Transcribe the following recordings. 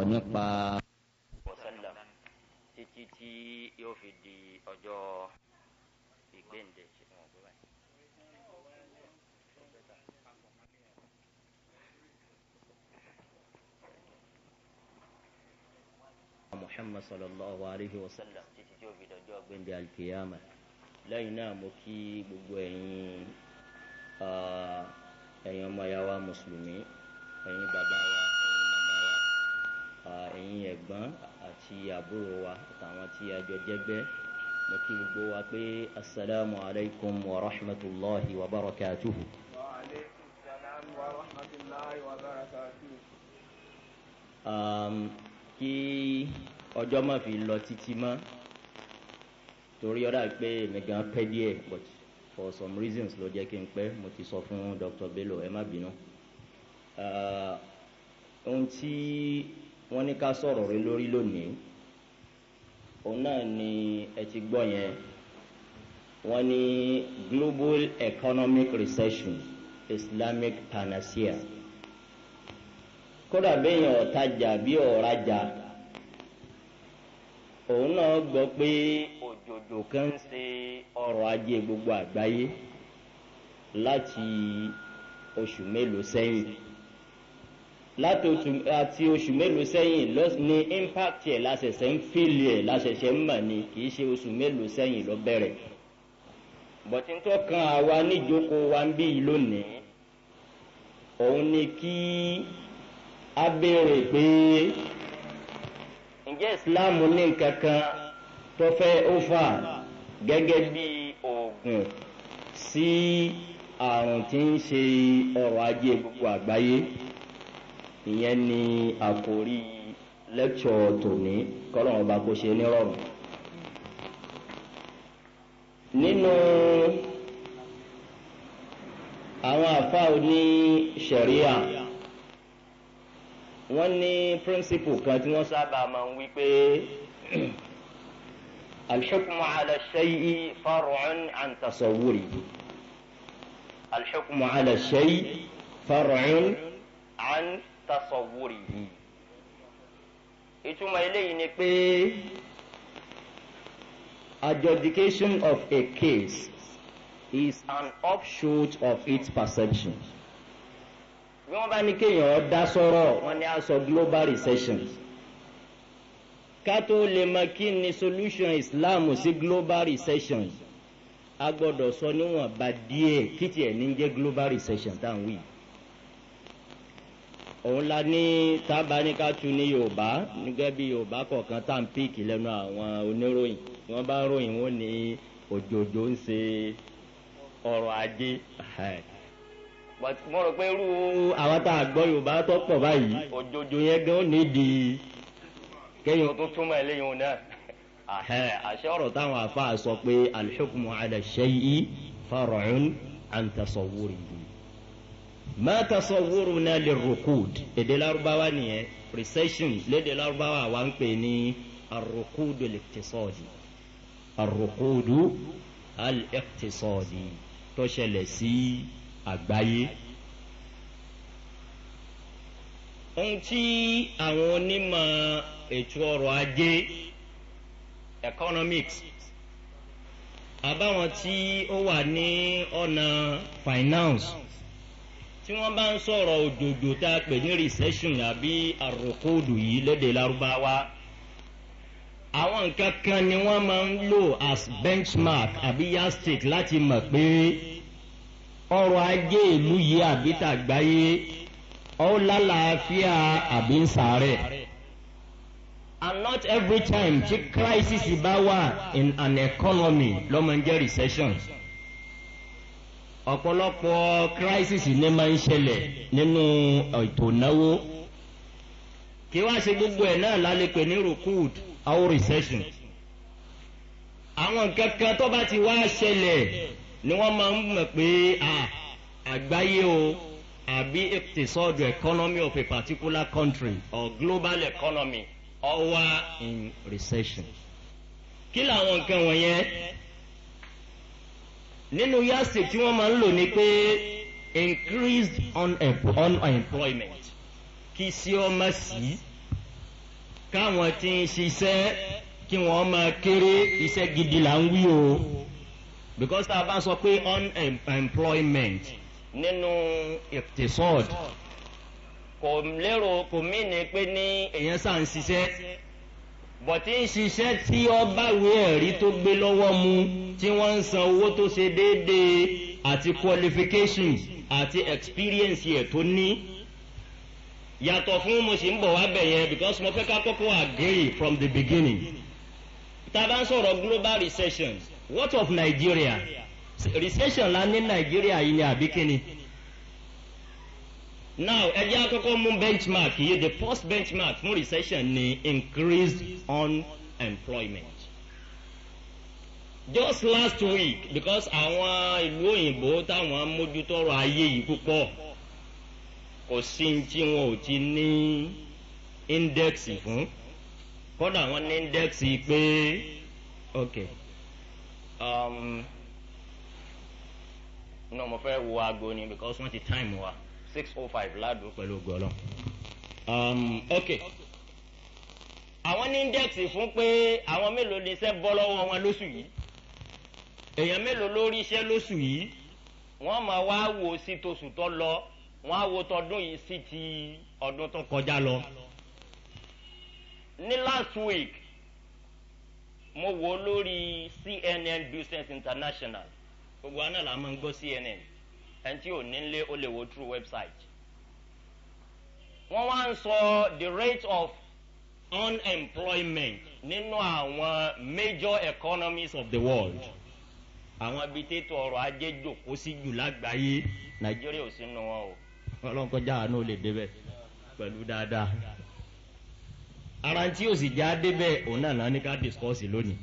sọ̀rọ̀ nípa. títí tí yóò fi di ọjọ́ ìgbéǹde. muhammad sallallahu alayhi wa sallam títí tí ó fi dọjọ́ gbẹ̀ndẹ̀ alkiyama lẹ́yìn náà mo kí gbogbo ẹ̀yin ah, ẹ̀yin ọmọ ya wa mùsùlùmí ẹ̀yin bàbá wa ẹ̀yin ẹ̀gbọ́n àti àbúrò wa àtàwọn tí a jọ jẹ́gbẹ́ mo kí gbogbo wa pé asalaamu alaykum wa rahmatulahi wa barakatuhu. wa aleykum salaam wa rahmatulahi wa barakatuhu. kí ọjọ́ má fi lọ títí mọ́ torí ọ̀dà pé èmi gan pẹ́ díẹ̀ but for some reasons ló jẹ́ kí n pẹ́ mo ti sọ fún Dr. Bello ẹ má bínú. ohun tí wọ́n ní ká sọ̀rọ̀ rẹ lórí lónìí òun náà ni ẹ ti gbọ́ yẹn wọ́n ní global economic recession islamic panacea kódà béèyàn ọ̀tajà bí ọ̀rajà òun náà gbọ́ pé òjòjò kan ń ṣe ọrọ̀ ajé gbogbo àgbáyé láti oṣù mélòó sẹ́yìn láti àti oṣù mélòó sẹ́yìn ní impact ẹ̀ láṣẹ̀ṣẹ̀ ń fìlì ẹ̀ láṣẹ̀ṣẹ̀ ń mọ̀ ni kì í ṣe oṣù mélòó sẹ́yìn lọ bẹ̀rẹ̀ bọ̀tí tó kan àwa níjókòó wa ń bí yìí lónìí òun ni kí a béèrè pé ǹjẹ́ islam ní nǹkan kan tó fẹ́ ó fà gẹ́gẹ́ bí oògùn sí àrùn tí ń ṣe ọrọ̀ ajé gbogbo àgbáyé ìyẹn ni àkòrí lẹ́kṣọ̀ tòní kọ́lọ́mù bá kó ṣe nírọ̀rùn. nínú àwọn àfa òní sẹ̀ríà wọ́n ní píríncípù kan tí wọ́n sábà máa ń wí pé alḥukumu ala ṣayi faruun an tasawuri ala ṣayi faruun an tasọ̀wúrì yìí ìtumọ̀ eléyìí ni pé adjudication of a case is an upshot of its perception bí wọ́n bá ní kéèyàn dá sọ́rọ̀ wọ́n ní a global recession ká tó lè mọ kí ni solution islam sí global recession a gbọ́dọ̀ sọ níwọ̀n bá díẹ̀ kí tiẹ̀ ní jẹ́ global recession tá à ń wí yìí òun la ní tábánikàtú ní yorùbá nígbẹ́ bí yorùbá kọ̀ọ̀kan tá à ń píìkì lẹ́nu àwọn oníròyìn tí wọ́n bá ròyìn wọn ní òjòjò ń ṣe ọrọ̀ ajé. mo rò pé irú àwọn tá a gbọ́ yorùbá tó pọ̀ báyìí òjòjò yẹn gan nídìí kéèyàn tó túmọ̀ eléyìí náà. àṣẹ ọ̀rọ̀ táwọn afa sọ pé alḥukmu ala ṣẹ́yí far'un an tasawwurihi mẹ́ta sọ wúrú náà lè rukud ni lárúbáwá nìyẹn recession lédè lárúbáwá wa ń pè ní arukudu lẹ́kítẹ́sọ́ọ̀dì arukudu alẹ́kítẹ́sọ́ọ̀dì tó ṣẹlẹ̀ sí àgbáyé. ohun àwọn onímọ̀ ètò ọrọ̀ ajé economics àbáwọn tí ó wà ní ọ̀nà finance tí wọ́n bá ń sọ̀rọ̀ òjòjò tá a pè ní recession àbí àròkóòdù yìí lédè lárúbáwá àwọn nǹkan kan ni wọ́n máa ń lò as benchmark àbí yardstick láti mọ̀ pé ọrọ̀ ajé ìlú yìí àbí tàgbáyé ó lálàáfíà àbí ń sàárẹ̀. and not every time tí crisis bá wà in an economy ló máa ń jẹ́ recessions. recession ọ̀pọ̀lọpọ̀ crisis ní máa ń ṣẹlẹ̀ nínú ètò ìnáwó kí wá ṣe gbogbo ẹ̀ náà lálẹ́ pè ní rukud our recession àwọn nǹkan kan tó bá ti wá ṣẹlẹ̀ ni wọ́n máa ń mọ̀ pé àgbáyé o àbí ìtìsọ́dọ̀ economy of a particular country or global economy ó in recession kí làwọn nǹkan wọ̀nyẹn nínú yáàsì tí wọ́n máa ń lò ní pé increased unemployment kí sí ọmọ sí káwọn tí ń ṣiṣẹ́ kí wọ́n máa kéré iṣẹ́ gidi là ń wí o because tá a bá sọ pé unemployment nínú ìtẹ̀sọ́ọ̀dù kò lérò kò mí ni pé ní èèyàn sàn ṣiṣẹ́ bọ̀tí ń ṣiṣẹ́ tí ọba ìwé ẹ̀rí tó gbé lọ́wọ́ mu tí wọ́n ń san owó tó ṣe déédéé àti qualifications àti experience ẹ̀ tó ní yàtọ̀ fún mo sì ń bọ̀ wá bẹ̀ yẹn because mo fẹ́ ká kọ́kọ́ agree from the beginning tá a bá ń sọ̀rọ̀ global recessions. what of Nigeria recession la ní Nigeria yìí ni àbí kíni now ẹjẹ́ akọ́kọ́ mú benchmark yìí the first benchmark fún recession ni increased unemployment just last week because àwọn ìlú òyìnbó táwọn mójútọ́rọ̀ ayé yìí púpọ̀ kò sí tí wọn ò ti ní índẹ́ksì fún kódà wọn ní índẹ́ksì pé ok um, no mo fẹ́ wo aago ni because wọ́n ti time wa. Wow six oh five ládùú pẹ̀lú gọ́lọ́. Um, ok àwọn ní índẹ́ẹ̀sì fún pé àwọn mélòó ni iṣẹ́ bọ́ lọ́wọ́ wọn lóṣù yìí èèyàn mélòó lórí iṣẹ́ lóṣù yìí wọ́n máa wá wò sí toṣù tó lọ wọ́n á wo tọdún yìí sí ti ọdún tó kọjá lọ. ní last week mo wò lórí cnn business international gbogbo àná là máa ń gbọ́ cnn ẹni tí ò ní lé ó lè wo through website wọ́n wá ń sọ the rate of unemployment nínú àwọn major economies of the world àwọn ibi tètò ọrọ̀ ajé jòkó sí jù lágbàáyé nàìjíríà ò sí nù wọn o ọlọ́run kọjá àánú lè débẹ̀ pẹ̀lú dáadáa ara tí ò sì já débẹ̀ òun náà náà ní ká discuss lónìí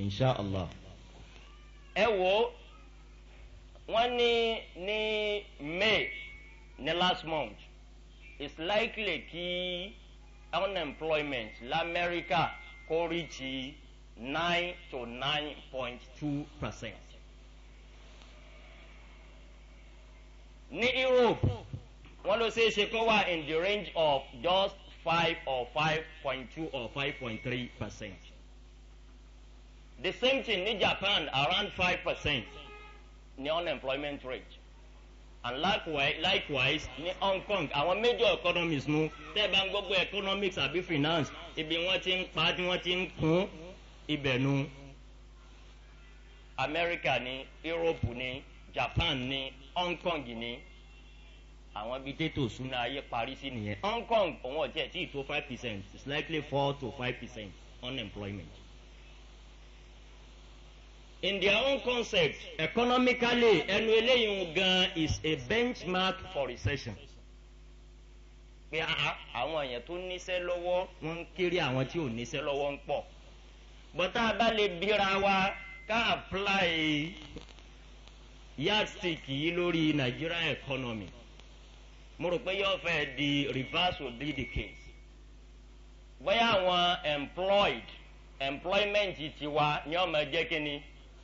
insha allah ẹ wo wọ́n ní ní may ní last month is likely kí unemployment lamẹ́ríkà kó reach nine to nine point two percent. ní europe wọ́n ló ṣeé ṣe kó wà in the range of just five or five point two or five point three percent. the same thing ní japan around five percent ní unemployment rate and likewise likewise ní hong kong our major economies nu tẹ́ ẹ bá ń gbogbo economics àbí finance ibi wọ́n ti ń pa tí wọ́n ti ń kún ibẹ̀ nu america ni europe ni japan ni hong kong ni àwọn bíi tètò súná ayé parí sí nìyẹn hong kong òun ọ̀jẹ̀ tí ì tó five percent slightly four to five percent unemployment in their own concept economically ẹnu eléyìí gan is a benchmark for recession pé àwọn èèyàn tó níṣẹ́ lọ́wọ́ wọ́n ń kéré àwọn tí ò níṣẹ́ lọ́wọ́ ń pọ̀ bọ́tá a bá lè bíra wa ká apply yardstick yìí lórí Nigeria economy mo rò pé yóò fẹ́ di reverse will be the case bóyá àwọn employed employment tiwa ni ọmọ jẹ́ kí ni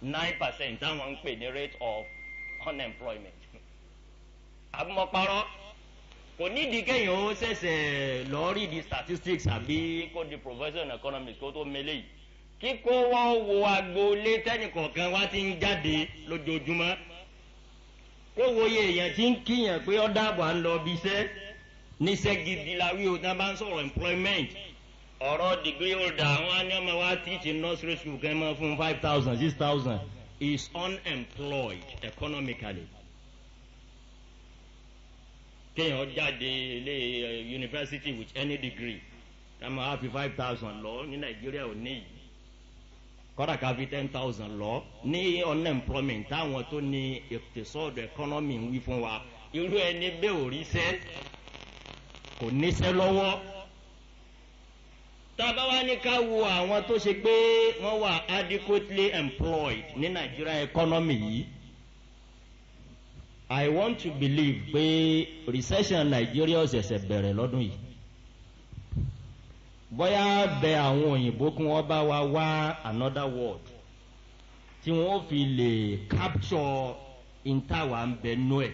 nine percent táwọn ń pè ní rate of unemployment àbúmọ̀parọ́ kò nídìí kéèyàn ó ṣẹ̀ṣẹ̀ lọ rí di statistics àbí kó di professional economics kó tó mele yìí kíkó wá wo agboolé tẹ́nìkọ̀ọ̀kan wá ti ń jáde lójoojúmọ́ kó wo iye èèyàn tí ń kíyàn pé ọ́ à ń lọ bí iṣẹ́ níṣẹ́ gidi la wí o tí wọ́n bá ń sọ̀rọ̀ employment ọ̀rọ̀ degree holder àwọn aniọ́mọ wa tíìtì nursery school kẹ́ mọ́ fún five thousand six thousand is unemployed economically. kéèyàn jáde ilé eh, university with any degree táwọn á fi five thousand lọ ní nàìjíríà ò ní yìí kọ́dà ká fi ten thousand lọ ní unemployment táwọn tó ní ìtẹ̀sọ́dọ̀ economy ń wí fún wa irú ẹni bẹ́ẹ̀ ò ríṣẹ́ kò níṣẹ́ lọ́wọ́ tábà wá ní ká wo àwọn tó ṣe pé wọ́n wà adequately employed ní nàìjíríà economy yìí i want to believe pé recession Nigeria ọ̀sẹ̀sẹ̀ bẹ̀rẹ̀ lọ́dún yìí bóyá bẹ àwọn òyìnbó kí wọ́n bá wa wá another world tí wọ́n fi lè capture intawa ń bẹ nú ẹ̀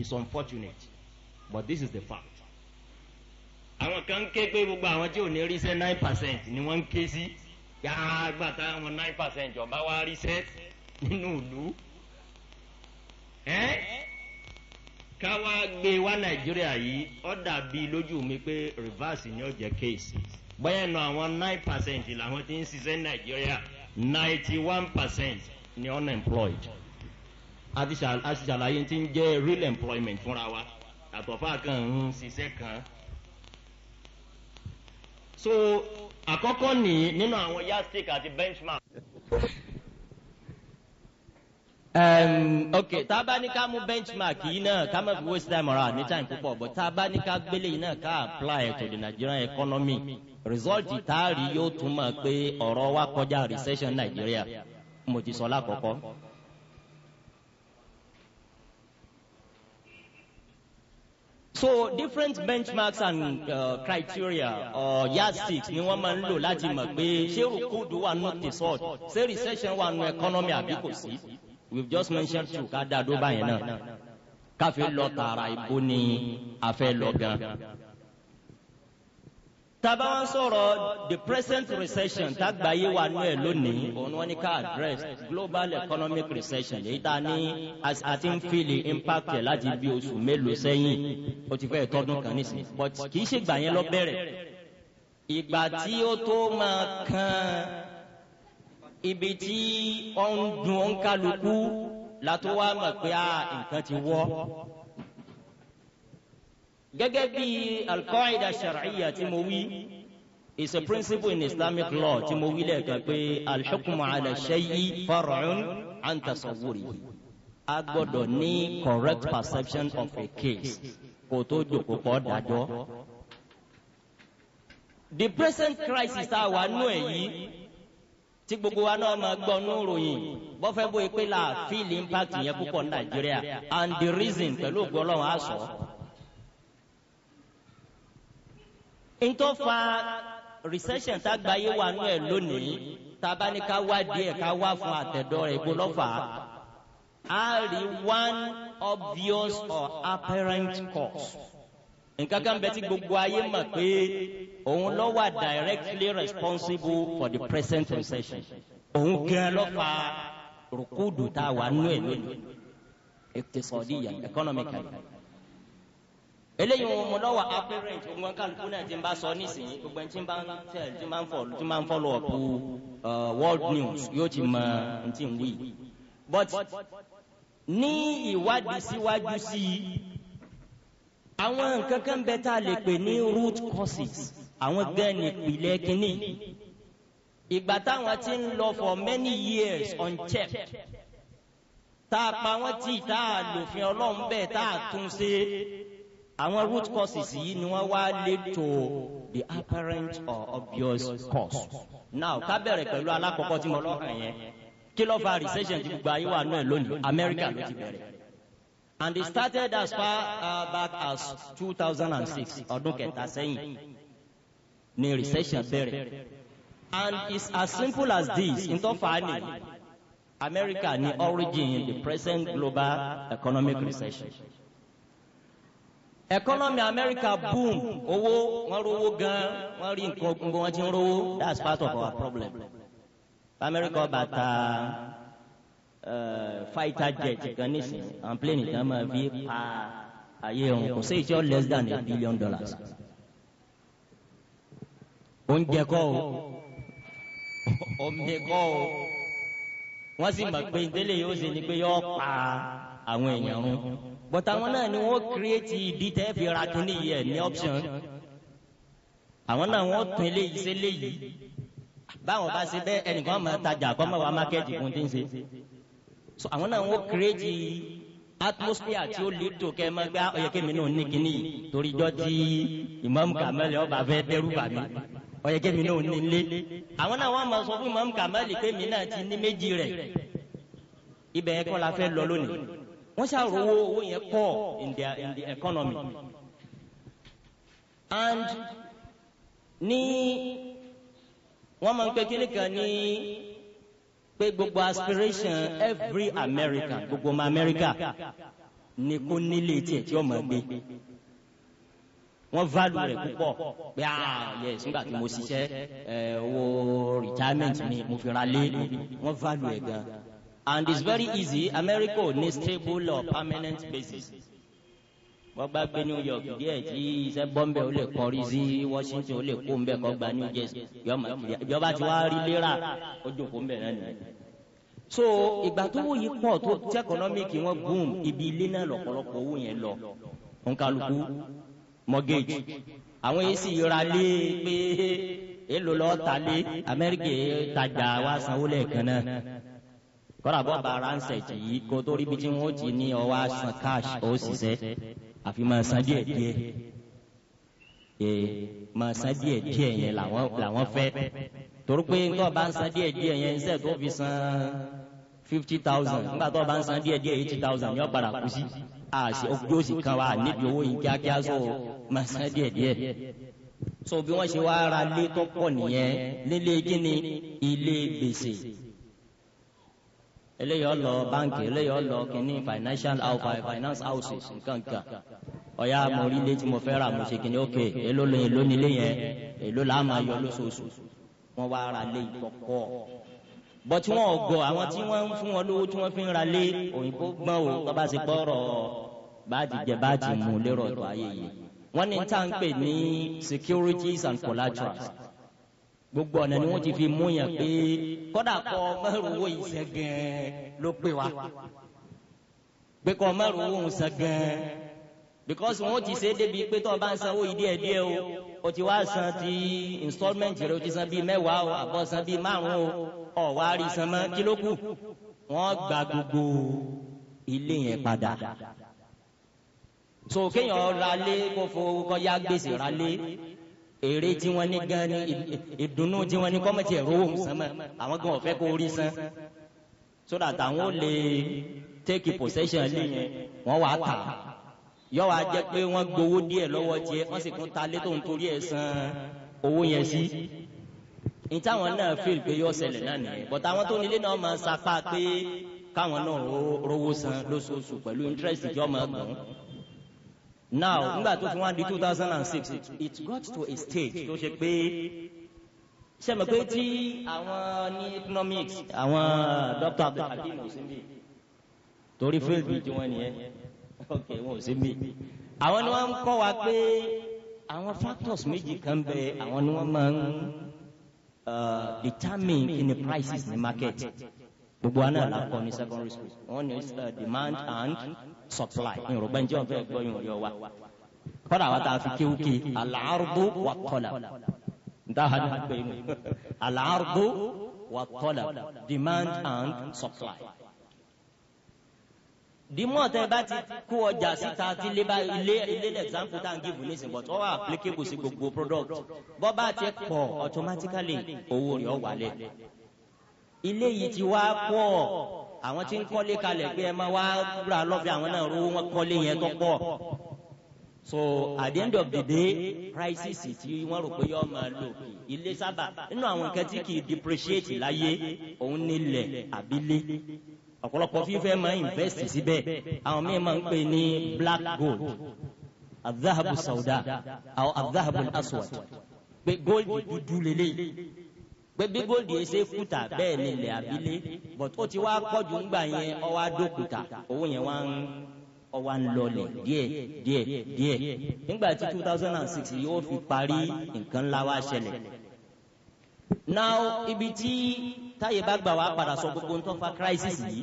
it's unfortunate but this is the fact àwọn kan ń ké pé gbogbo àwọn tí ò ní ríṣẹ́ nine percent ni wọ́n ń ké sí yàrá gbàtà àwọn nine percent ọba wa ríṣẹ́ nínú ìlú ẹ́ ká wá gbé wá nàìjíríà yìí ó dàbí lójú mi pé reverse ni ó jẹ́ kéèsì bóyá ẹnu àwọn nine percent làwọn ti ń ṣiṣẹ́ nàìjíríà ninety one percent ni unemployed a ti ṣàlàyé ti ń jẹ́ real employment fúnra wa àtọ̀fà kan ń ṣiṣẹ́ kan so àkọ́kọ́ nìyí nínú àwọn yardstick àti benchmark. Um, ok tá a bá ní ká mú benchmark yìí náà ká má fi waste time ọ̀rọ̀ ní time púpọ̀ but tá a bá ní ká gbélé yìí náà ká apply to the Nigerian economy result tá a rí yóò túmọ̀ pé ọ̀rọ̀ wa kọjá recession Nigeria mo ti sọ lákọ̀ọ́kọ́. so different benchmarks and uh, criteria or uh, yardsticks ni wọn máa ń lò láti mọ̀ pé ṣé rúkúdù wà nù tẹ̀sọ̀t ṣé recession wà nù economy àbí kò sí we just mentioned two ká dáadó báyẹn náà káfí lọ tààrà ibo ni a fẹ́ lọ gan tábà wọn sọ̀rọ̀ the present recession tágbáyé wà nú ẹ̀ lónìí òun wọn ní ká address global economic recession èyí tá a ní àti ń fi lè impact ẹ̀ láti bí oṣù mélòó sẹ́yìn ó ti fẹ́ tọdún kan nísìnyí but kì í ṣègbà yẹn lọ bẹ̀rẹ̀ ìgbà tí ó tó máa kan ibi tí ó ń dun ó ń kálukú látó wá mọ̀ pé ah, nǹkan ti wọ́ gẹ́gẹ́ bí alqaida shar'iyya tí mo wí is a principle in islamic law tí mo wí lẹ́ẹ̀kan pé alḥukmu ala shay'i far'un an tasawwurihi a gbọ́dọ̀ ní correct perception of a case kò tó jòkó pọ̀ dájọ́ the present crisis tá a wà nù ẹ̀ yìí tí gbogbo wa náà máa gbọ́ nù ròyìn bọ́fẹ́ bóyá pé la feel impact yẹn púpọ̀ nàìjíríà and the reason pẹ̀lú ògbọ́n ọlọ́run á sọ. So ntọ́ fa recession tágbáyé wà nù ẹ̀ lónìí taba ni ká wá díẹ̀ ká wá fún àtẹ̀dọ́ rẹ̀ ibo lọ́fà á rí one obvious or apparent cause nǹkan kan bẹ tí gbogbo ayé mọ̀ pé òun ló wà directly responsible for the present recession òun gan lọ́fà rùkúdù tá a wà nù ẹ̀ lónìí ètò sọ̀dí yẹn economically eléyìí wọn mo lọ́wọ́ apparent gbogbo kálukú náà ti ń bá sọ nísìnyí gbogbo ẹni tí ń bá ń tẹ̀ tí ń bá ń fọ̀ tí ń uh, world news yóò ti mọ ohun tí ń wí but ní ìwádìí síwájú sí i àwọn nǹkan kan bẹ tá a lè pè ní root causes àwọn gan ìpìlẹ̀ kínní ìgbà táwọn ti ń lọ for many years unchecked tá a pa wọ́n tì tá a lòfin ọlọ́run bẹ́ẹ̀ tá a tún ṣe àwọn root causes yìí ni wọ́n wá lead to the apparent or obvious cause. now ká bẹ̀rẹ̀ pẹ̀lú alákọ̀ọ́kọ́ tí mo lọ hàn yẹn kí ló fa recession ti gbogbo ayé wa náà lónìí America ló ti bẹ̀rẹ̀ and it started as far uh, back as 2006. thousand and six ọdún kẹta sẹ́yìn ni recession bẹ̀rẹ̀ and it's as simple as this n tó fà á America ni origin the present global economic recession economy America boom owó wọ́n rówó gan wọ́n rí nǹkan gbogbo wọ́n ti ń rówó that's part of our problem America bàtà eh, fighter jet kan nísìnyí and plane kan máa fi pa ayé òun kò sí ìjọ less than a billion dollars oúnjẹ kọ́ o omi kọ́ o wọ́n sì mọ̀ pé délé yóò ṣe ni pé yọ pa àwọn èèyàn run bọ̀tà àwọn náà ni wọ́n kírètì ìdí tẹ́ fi ra kínní yìí ẹ̀ ní option àwọn náà wọ́n tún eléyìí sí eléyìí báwọn bá ṣe bẹ́ẹ̀ ẹnìkan máa tajà kọ́ máa wá mákẹ́tì fún tí ń ṣe so àwọn náà wọ́n kírètì atmosphere tí ó lè tó kẹ́ ẹ máa gbá ọ̀yẹ́kẹ́ ah, mi náà ní kínní yìí torí jọ́ ti Imam Kamel ọba fẹ́ dẹ́rù bà mí ọ̀yẹ́kẹ́ mi náà ní lé àwọn náà wọ́n máa sọ fún Imam Kamel pé mi náà ti ní méjì rẹ̀ ibẹ̀ ẹ̀kọ́ la fẹ́ lọ lónìí wọ́n ṣàròwó owó yẹn pọ̀ in the in the economy and ní wọ́n máa ń pe kíní kan ní pé gbogbo aspiration every American gbogbo ọmọ America ni kó nílé tiẹ̀ tí ọmọ gbé wọ́n value rẹ̀ púpọ̀ pé ah yes nígbà tí mo ṣiṣẹ́ ẹ̀ eh, owó retirement mi mo fi ra lé wọ́n value ẹ̀ gan-an and it's very easy America ò ní stable or permanent basis wọ́n bá gbé New York díẹ̀ tí iṣẹ́ bọ́m̀bẹ̀ ó lè kọrí sí Washington ó lè kó mbẹ́ kọ́ gba New Jersey ìjọba tí wàá rí lérà ó jókòó mbẹ́ náà nìyẹn. so ìgbà tó wò pọ̀ tó tí economic wọn boom ibi ilé náà lọ́pọ̀lọpọ̀ owó yẹn lọ nkaluku mortgage àwọn èsì ìra lé pé èlò lọ́ọ́ ta lé Amẹ́ríkà tajà wa sanwó lẹ́ẹ̀kan náà kọ́ra bọ́ bá ara ń sẹ̀tì yìí kó tó ríbi tí wọ́n ti ní ọwọ́ san cash ó ṣiṣẹ́ àfi máa san díẹ̀ díẹ̀ ee máa san díẹ̀ díẹ̀ yẹn làwọn fẹ́ torí pé nǹkan bá ń san díẹ̀ díẹ̀ yẹn ń tó fi san fifty thousand nígbà tó bá ń san díẹ̀ díẹ̀ eighty thousand yóò padà kú sí àṣẹ yóò sì kan wa níbi owó yìí kíákíá so máa san díẹ̀ díẹ̀ so bí wọ́n ṣe wá ara lé tó pọ̀ nìyẹn nílé kíni ilé gbèsè eléyìí ọlọ báńkì eléyìí ọlọ kìíní financial house finance houses nkankan ọ̀yà mo rí ilé tí mo fẹ́ rà mo ṣe kìíní ok èló ló èló nílé yẹn èló là á máa yọ lóṣooṣù wọ́n wá ra lé ìkọ̀kọ̀ bọ́ tí wọ́n gbọ́ àwọn tí wọ́n ń fún wọn lówó tí wọ́n fi ń ra lé òyìnbó gbọ́n o tó bá ti gbọ́rọ̀ báàdì jẹ báàdì mú lérò ọ̀tọ̀ ayé yìí wọ́n ní tá à ń pè ní securities and collaterals gbogbo ọ̀nà ni wọ́n ti fi mú yàn pé kọ́dà kọ́ mẹ́rùwó ìṣẹ́ ló pè wá pé kọ́ mẹ́rùwó ìṣẹ́ because wọ́n ti ṣe é débi pé tó o bá ń sanwó yìí díẹ̀ díẹ̀ o o ti wá san ti installment rẹ o ti san bíi mẹ́wàá o àbọ̀ san bíi márùn o ọ̀ wá rí san mọ́ kí ló kù wọ́n gba gbogbo ilé yẹn padà so kéèyàn ra lé kó fo kọ́ ya gbèsè ra lé èrè tí wọ́n ní gan ni ìdùnnú tí wọ́n ní kọ́mọ̀tì ẹ̀rọ òun sàn mọ́ àwọn gan ọ̀fẹ́ kó rí sàn so that àwọn lè take possession lè yẹn wọ́n wá tà yọ wá jẹ́ pé wọ́n gbowó díẹ̀ lọ́wọ́ tiẹ̀ wọ́n sì tún ta lé tó ń torí ẹ̀ san owó yẹn sí ní táwọn náà feel pé yọ ṣẹlẹ̀ náà nìyẹn but àwọn tó nílé náà máa sapá pé káwọn náà rówó san lóṣooṣù pẹ̀lú interest ìjọ máa gbọ̀n now nígbà tó fi wá di two thousand and six it got to a stage tó ṣe pé ṣe mọ̀ pé tí àwọn ní economics àwọn ah, dr abdulhakeem osimbi torí field bíi tiwọn nìyẹn ok wọn ò sí mi àwọn ni wọn ń kọ́ wa pé àwọn factors méjì kan bẹ àwọn ni wọn máa ń ah, determine kí ni prices ní market gbogbo àná làkọ ní secondary school wọn ní ah, demand and supply yorùbá njẹ́ wọn fẹ́ gbọ́ yorùbá wa kọ́dà wa ta fi kéwké alaarudu wa tọ́lá ntaha ni gbẹ inú alaarudu wa tọ́lá demand and supply. dìmọ̀ tẹ bá ti kó ọjà síta tí lébà ilé ilé example tá à ń gé ìbùnú ìsìn bọ̀tọ̀ wà applicable sí gbogbo product bọ́ bá ti pọ̀ automatically owó rẹ̀ ọ̀ wálẹ̀ ilé yìí ti wá pọ̀ àwọn tí ń kọ́lé kalẹ̀ pé ẹ máa wá rà lọ́fẹ̀ẹ́ àwọn náà rówó wọn kọ́lé yẹn tó pọ̀ so at the end of the day prices tí wọ́n rò pé yọ máa lò ilé sábà nínú àwọn nǹkan tí kì í depreciate láyé òun nílẹ̀ àbílé ọ̀pọ̀lọpọ̀ fífẹ́ máa invest síbẹ̀ àwọn míì máa ń pè ní black gold azahabu sauda àwọn azahabu aswad pé gold dúdú lélẹ́yìí pé bí góòlù yẹn ṣe kùtà bẹ́ẹ̀ ni ilẹ̀ abilé but ó ti wá pọ̀jù ńgbà yẹn ó wá dókùtà owó yẹn wá ń ó wá ń lọlẹ̀ díẹ̀ díẹ̀ díẹ̀ nígbà tí two thousand and six yóò fi parí nǹkan ńlá wá ṣẹlẹ̀ now ibi tí táyé bá gbà wá padà sọ gbogbo ń tọ́ fa crisis yìí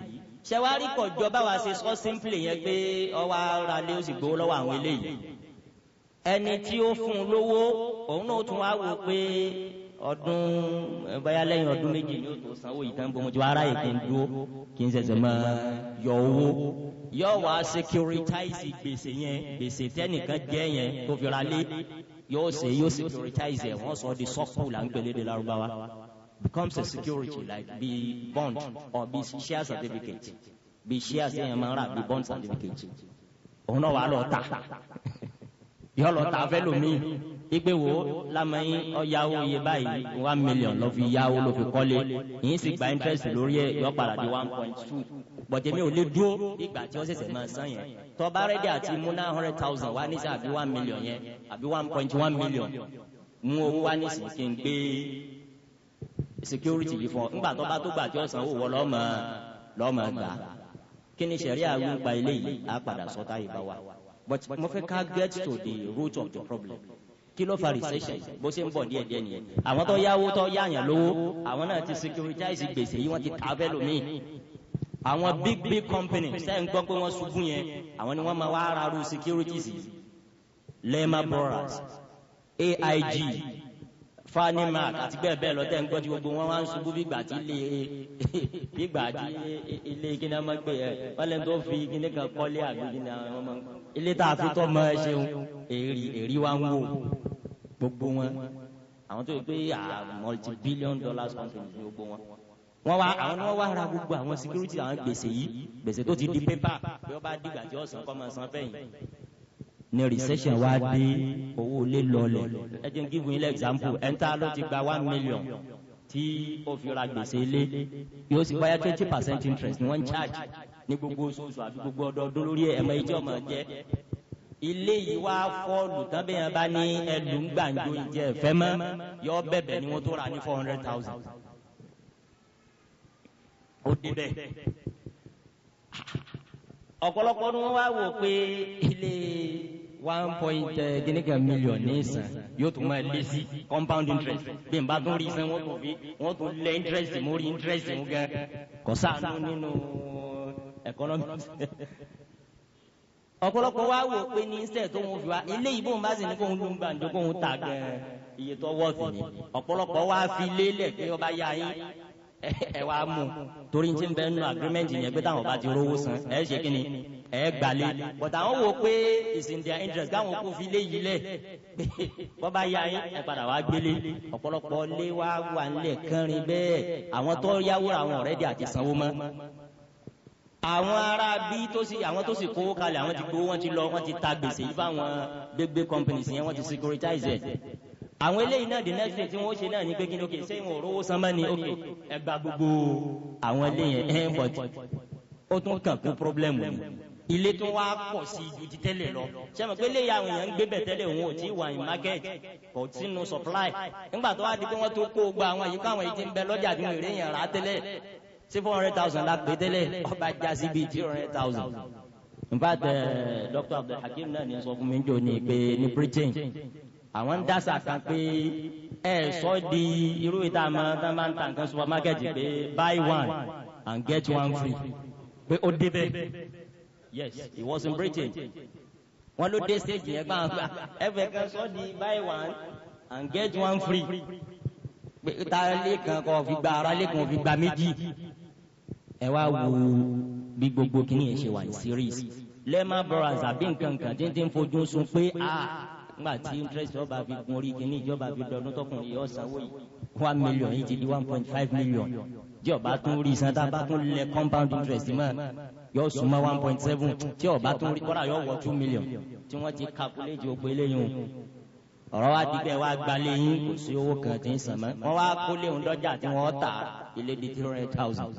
ṣẹwárí kọjọ báwa ṣe sọ simple yẹn pé ọwọ ara lé ó sì gbowó lọ́wọ́ àwọn eléyìí ẹni tí ó fún un lówó òun náà tún wá wò pé ọdún báyà lẹ́yìn ọdún méjì ni ó tó sanwó yìí tán bọ́mọ ju ara yìí kí n dúró kí n ṣẹ̀ṣẹ̀ máa yọ owó yọ wá securitize gbèsè yẹn gbèsè tẹ́nìkan jẹ́ yẹn tó fi ra lé yóò ṣe yóò securitize ẹ̀ wọ́n sọ di sọ́kù là ń pèlè de Lárúbáwá becomes a security like be bond or be share certificate bi share ṣe yẹn máa ń rà bi bond certificate òun náà wà lọ ta yọlọ ta fẹ lomi igbe wo lamẹyin ọyawo yẹ báyìí one million lọ fi yawo lọ fi kọ́lé yìí sì gba interest lórí ẹ yọ padà di one point two bọ̀dẹ̀mí ò lè dúró ìgbà tí ó ṣẹ̀ṣẹ̀ máa san yẹn tọ́ba rẹ́dí àti mú nine hundred thousand wá nísìnyí àbí one million yẹn àbí one point one million mú owó wá nísìnyí kí n gbé security yìí fún ọ ńgbà tọ́ba tó gbà tí ó sanwó wọ lọ́mọ lọ́mọ gbà kí ni sẹ̀ríà wípa eléyìí á padà sọ́tà ìbá but mo fẹ́ ká get to the root of the problem kí ló fa recession bó ṣe ń bọ̀ díẹ̀ díẹ̀ nìyẹn àwọn tó yáwó tó yáyàn lówó àwọn náà ti securitize gbèsè yìí wọ́n ti ta abẹ́ lómi àwọn big big company ṣe ń gbọ́ pé wọ́n ṣubú yẹn àwọn ni wọ́n máa wá ara ru securities Lehman Brothers AIG Fannie Mac àti bẹ́ẹ̀ bẹ́ẹ̀ lọ́tẹ̀ ń gbọ́ tí gbogbo wọn wá ń ṣubú bí gbà tí ilé bí gbà tí ilé kíni a máa gbé ẹ wọ́n lẹ́nu tó fi kíni kan kọ́lé àgbègbè náà wọ́n máa ń kọ́ ilé tá a fi tọ́ mọ ẹ ṣeun èrì èrì wa ń wò gbogbo wọn àwọn tó yẹ pé à multi billion dollars company ní gbogbo wọn wọn wá àwọn ni wọn wá ra gbogbo àwọn security àwọn gbèsè yìí gbèsè tó ti di pépà bí wọn bá dìgbà tí ọsàn kọ́ máa san fẹ́yìn ní recession wá dé owó lé lọlẹ̀ ẹ jẹ́ n give you an example ẹ̀ ń ta ló ti gba one million tí ó fi ra gbèsè lé yóò sì wáyà twenty percent interest ni wọ́n ń charge ní gbogbo oṣooṣù àbí gbogbo ọdọọdún lórí ẹ̀mọ ìjọ mọ̀ jẹ́ ilé yìí wá fọ́ọ̀lù tábí yẹn bá ní ẹlùm ìjẹ́ ẹ̀fẹ́ mọ́ yọ bẹ̀bẹ̀ ni wọ́n tó rà ní four hundred thousand ó débẹ̀ ọ̀pọ̀lọpọ̀ ni wọ́n wá wò pé ilé one point gínníkan eh, million ní ìsàn yóò tún máa lé sí compound interest bí n bá tún rí sẹ́n wọ́n tún lé interest mórí interest mú gan kọ́sáàánú nínú. No, economic ọ̀pọ̀lọpọ̀ wa wò pé ní sẹ́ẹ̀ tó ń fi wa ilé yìí bóun bá sì ní kóun lóun gbàǹjo kóun ta gan-an iye tó wọ́ọ̀tì ni ọ̀pọ̀lọpọ̀ wa fi lélẹ̀ pé ọba yá yín ẹ wá mú torí ti ń bẹ nínú agreement yẹn pé táwọn bá ti rówó san ẹ ṣe kí ni ẹ gbalẹ̀ but àwọn wò pé is in their interest káwọn kò fi lé yìí lẹ̀ pé bọ́ba yá yín ẹ padà wá gbélé ọ̀pọ̀lọpọ̀ lé wá wà nílẹ̀ kẹrin bẹ́ẹ̀ àwọn tó yáwó àwọn ọ̀rẹ́dì àti sanwó mọ́ àwọn ará bí tó sì àwọn tó sì kó kalẹ̀ àwọn ti kó wọ́n ti lọ wọ́n ti ta gbèsè yìí fáwọn gbégbé companies yẹn wọ́n ti securitize ẹ̀ àwọn eléyìí náà the next day tí wọ́n ṣe náà ní pé kí ni òkè ṣé ìwọ̀n òróró sanmọ́ ni òkè ẹgbà gbogbo àwọn eléyìí ẹ̀ ń bọ̀ ó tún kàn kó problem ni ilé tó wá pọ̀ sí ju ti tẹ́lẹ̀ lọ ṣé mo pé léyìí àwọn èèyàn ń gbé bẹ̀ tẹ́lẹ̀ òun ò tí wà ní market kò tí nu supply nígbà tó wá di pé wọ́n tó kó gba àwọn yìí káwọn yìí ti ń bẹ lọ́jà tí wọ́n èrè yẹn rà á tẹ́lẹ̀ sí four hundred thousand la pè tẹ́lẹ̀ ọba jásí bíi three hundred thousand in fact eh, Dr. Abdulhakeem náà ní sọ fún mi jò ní pé ní Britain àwọn ń dásà kan pé ẹ sọ di irú ìta máa tán máa ń ta nǹkan supermarket pé buy one and get one free pé ó débẹ̀ yes he was in Britain wọn ló dé stage yẹn gbà ẹfẹ kan sọ di buy one and get one free pé ta lẹ́ẹ̀kan kọ́ fi gba ara lẹ́ẹ̀kan fi gba méjì ẹ wá wo bí gbogbo kìíní yẹn ṣe wà ní series lẹ́ẹ̀ma brothers àbí nǹkan kan tí ń fojú sun pé a ah, nígbà tí interest ọba fi gun orí kìíní ìjọba fi dọdún tọkùnrin yìí ọ̀sánwó yìí one million yìí ti di one point five million tí ọba tún rí san tá a bá tún lẹ compound interest mọ́ yóò súnmọ́ one point seven tí ọba tún rí kọ́ra yóò wọ two million tí wọ́n ti calculate ògbó eléyìí o ọ̀rọ̀ wa ti bẹ́ẹ̀ wá gbalẹ̀ yín kò sí owó kan tí ń sàn mọ́ wọ́n wá kólé òun tí wọ́n tà ilé di three hundred thousand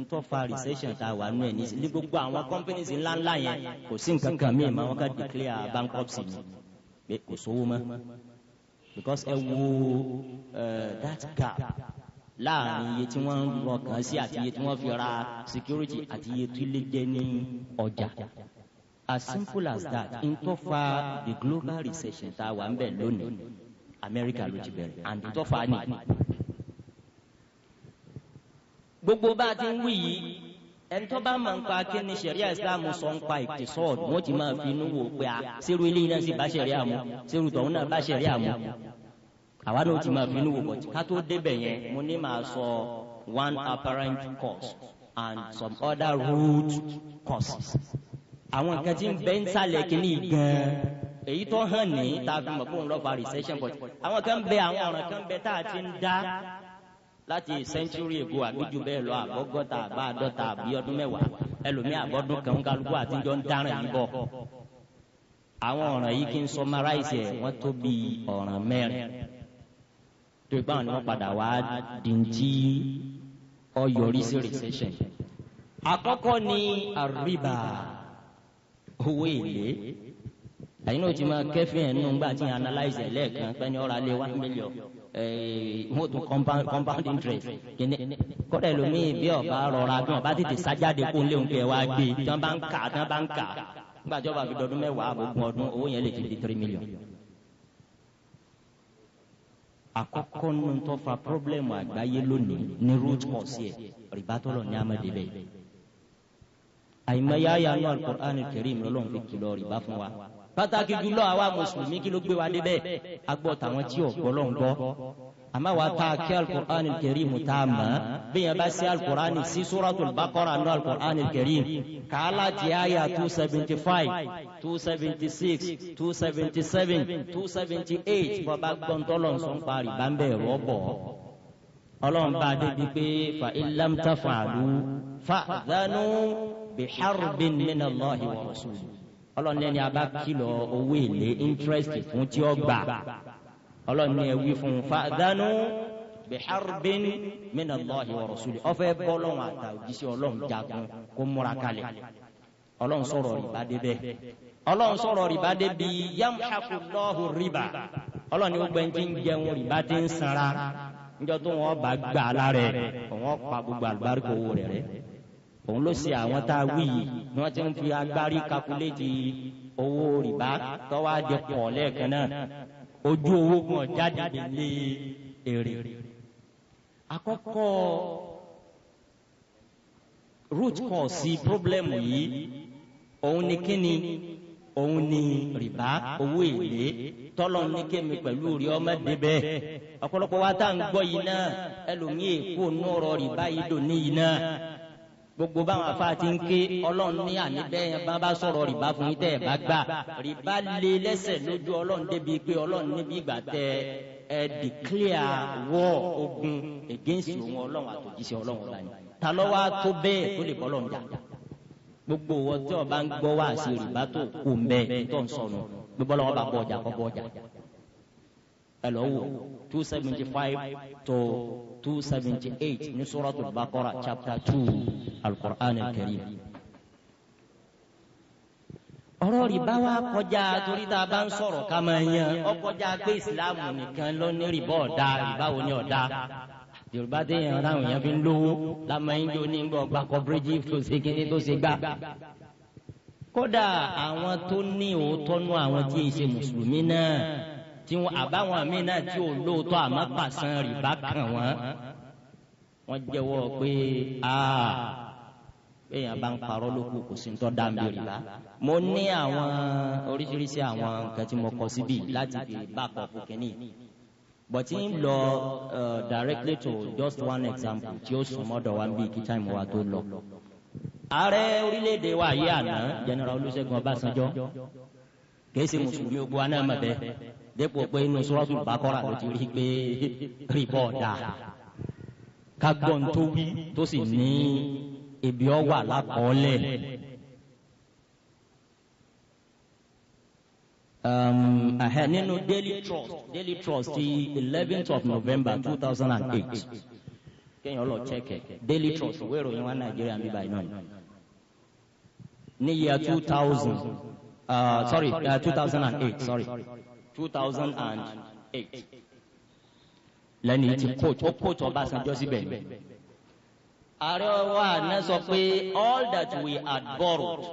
ntọ́fà recession tá a wà nù ẹ̀ ní ní gbogbo àwọn companies ńláńlá yẹn kò sí nǹkan kan míì mà wọ́n ká declare bankruptcy ni pé kò sówó mọ́ because ẹ wo eh, that gap láàrin iye tí wọ́n ń lọ kàn sí àti iye tí wọ́n fi ra security àti iye tí lè jẹ́ ní ọjà as simple as that ntọ́fà the global recession tá a wà lónìí America ló ti bẹ̀rẹ̀ and ntọ́fà ni gbogbo bá a ti ń wí yìí ẹni tó bá máa ń pa kí ni sẹ̀ríà ìsìlámù sọ ń pa ìtìsọ́ọ̀dù wọ́n ti máa fi inú wò pé a ah, sẹ́rù eléyìí náà sì bá sẹ̀ríà mu sẹ́rù tọ̀hún náà bá sẹ̀ríà mu àwa náà ti máa fi inú wò pọ̀ ká tó débẹ̀ yẹn mo ní máa sọ one apparent cause and some other root causes àwọn nǹkan tí ń bẹ ń sálẹ̀ kínní gan-an èyí tó hàn ní tá a fi mọ̀ pé òun lọ́ọ́ fa recession but àwọn kan bẹ àwọn ọ̀ràn kan bẹ tá a ti ń dá láti sẹ́ńtúrì ègò àbíjú bẹ́ẹ̀ lọ àbọ́gọ́ta àbáàdọ́ta àbí ọdún mẹ́wàá ẹlòmíì àbọ́dún kan kálukú àtijọ́ ń dáràn yìí bọ̀. àwọn ọ̀ràn yìí kí n sọ maraisi ẹ̀ wọ́n tó bí ọ̀ràn mẹ́rin tó ipá wọn ni wọ́n padà wá dìntì ọ̀yọ́rí sí recession. àkọ́kọ́ ni àríbà owó èlé ẹ̀yin náà ti máa kẹ́fìn ẹ̀ nù ńgbà tí analyse ẹ̀ lẹ́ẹ̀kan pẹ́ ní ọ̀rọ̀ alẹ́ one million. Eh, wọn tún compound interest kìíní kọ́dà ẹlòmíì bí ọba rọra bí wọn bá tètè sájáde kó léwu pé wá gbé tí wọn bá ń kà tí wọn bá ń kà gbàjọ́ bá fi dọdún mẹ́wàá àbògùn ọdún owó yẹn lè ti di three million. àkọ́kọ́ nínú tó fa problem àgbáyé lónìí ní root cause yẹ rìbátọ́lọ̀ ní amadi bẹ́ẹ̀ àyìnbáyà yà ní alukur'an kẹrìm lọ́lọ́run fi kìlọ̀ rìbá fún wa pàtàkì jùlọ àwa mùsùlùmí kí ló gbé wa débẹ̀ agbọ́ tàwọn tí ò gbọ́ lọ́n gbọ́ àmọ́ wa ta kí alukur'an kẹrìm tá a mọ̀ bí yẹn bá sí alukur'an sí suratul baqara nù alukur'an kẹrìm kàálà ti àyà two seventy five two seventy six two seventy seven two seventy eight bọ́ba gbọ́ntọ́lọ́ nsọ́n parí bá ń bẹ̀ bá a débi pé fa ilam tafalu fa dánú biharbin min Allahi wa rasuluhu ọlọ́nlẹ́ni abá kìlọ̀ owó èlé interest fún tí ó gbà ọlọ́ni ẹ wí fún un fàdánù biharbin min Allahi wa rasuli ọfẹ bọlọ́n àtà òjíṣẹ́ ọlọ́run jagun kó múra kalẹ̀ ọlọ́run sọ̀rọ̀ rìbá débẹ̀ ọlọ́run sọ̀rọ̀ rìbá débi yamhaqullahu rìbá ọlọ́ni gbogbo ẹni tí ń jẹun rìbá ti ń sanra níjọ́ tó wọ́n bá gbà lára ẹ̀ pa gbogbo àlùbáríkò rẹ̀ rẹ̀ òun ló ṣe àwọn tá a wí yìí ni wọ́n ti ń fi agbárí kakuléètì owó rìbá tọ́wọ́ àdé pọ̀ lẹ́ẹ̀kan náà ojú owó kan jáde lé èrè. àkọ́kọ́ root cause problem yìí òun ni kíni òun ni rìbá owó èlé tọ́lọ̀ ní kémi pẹ̀lú rí ọmọ débẹ̀ ọ̀pọ̀lọpọ̀ wa tá à ń gbọ́ yìí náà ẹlòmíì kú nù ọ̀rọ̀ rìbá yìí dò ní yìí náà gbogbo báwọn afa ti ń ké ọlọ́run ní àmì bẹ́ẹ̀ yẹn bá bá sọ̀rọ̀ rìbá fún yín tẹ́ ẹ̀ bá gbà rìbá lé lẹ́sẹ̀ lójú ọlọ́run débi pé ọlọ́run níbi ìgbà tẹ ẹ declare war ogun against òun ọlọ́run àtòjíṣẹ́ ọlọ́run ọ̀la ni ta ló wá tó bẹ́ẹ̀ tó lè bọ́ lọ́n jà gbogbo wọn tí ọba ń gbọ́ wá sí rìbá tó kù ń tó ń sọnù gbogbo ọlọ́run bá bọ̀ ọjà kọ́ bọ̀ ọjà ẹlọ́wọ́ two seventy five to two seventy eight ní suratul baqara chapter two al-Qur'an al-Karim. ọ̀rọ̀ rìbá wa kọjá torí tá a bá ń sọ̀rọ̀ ká máa yan ọ pé ìsìláàmù nìkan ló ní rìbá ọ̀dá wo ni ọ̀dá yorùbá déyàn ráhùn yẹn fi ń lówó lamẹ́yìn tó ní gbọ́ gba kọ́bíréjì tó ṣe kíní tó ṣe gbà kódà àwọn tó ní òótọ́ nú àwọn tí ì ṣe mùsùlùmí náà tí wọn àbáwọn míì náà tí ò lóòótọ́ àmọ́ pàṣán rìbá kàn wọ́n wọ́n jẹ́wọ́ pé aa bẹ́ẹ̀ bá ń parọ́ ló kù kò sí ń tọ́ dá mi rìbá. mo ní àwọn oríṣiríṣi àwọn nǹkan tí mo kọ síbi láti fi bá a kọ̀ fún kínní but in lọ directly to just one example tí ó sùn mọ́dọ̀ wá bí kí táìmù wa tó lọ. ààrẹ orílẹ̀-èdè wa yé àná general olùṣègùn ọbásanjọ́ kì mùsùlùmí ogun anáàmọ̀ bẹ́ẹ̀ dépò pé inú sọ́ọ́sù bàkọ́rà ló ti rí pé rìbọ̀dà kagbọ́n tó wí tó sì ní ibi ọ̀wà lákọọ́lẹ̀. Um, nínú daily trust daily trust ti eleventh of November two thousand and eight kéèyàn lọ chẹ́kẹ̀ daily trust ìwé ìròyìn wa Nàìjíríà ń bí báyìí náà ní year two thousand uh, sorry uh, two thousand and eight sorry two thousand and eight lẹ́ni tí kóòtù ó kóòtù Ọbásanjọ́ síbẹ̀ ni. ààrẹ wa náà sọ pé all that we had borrowed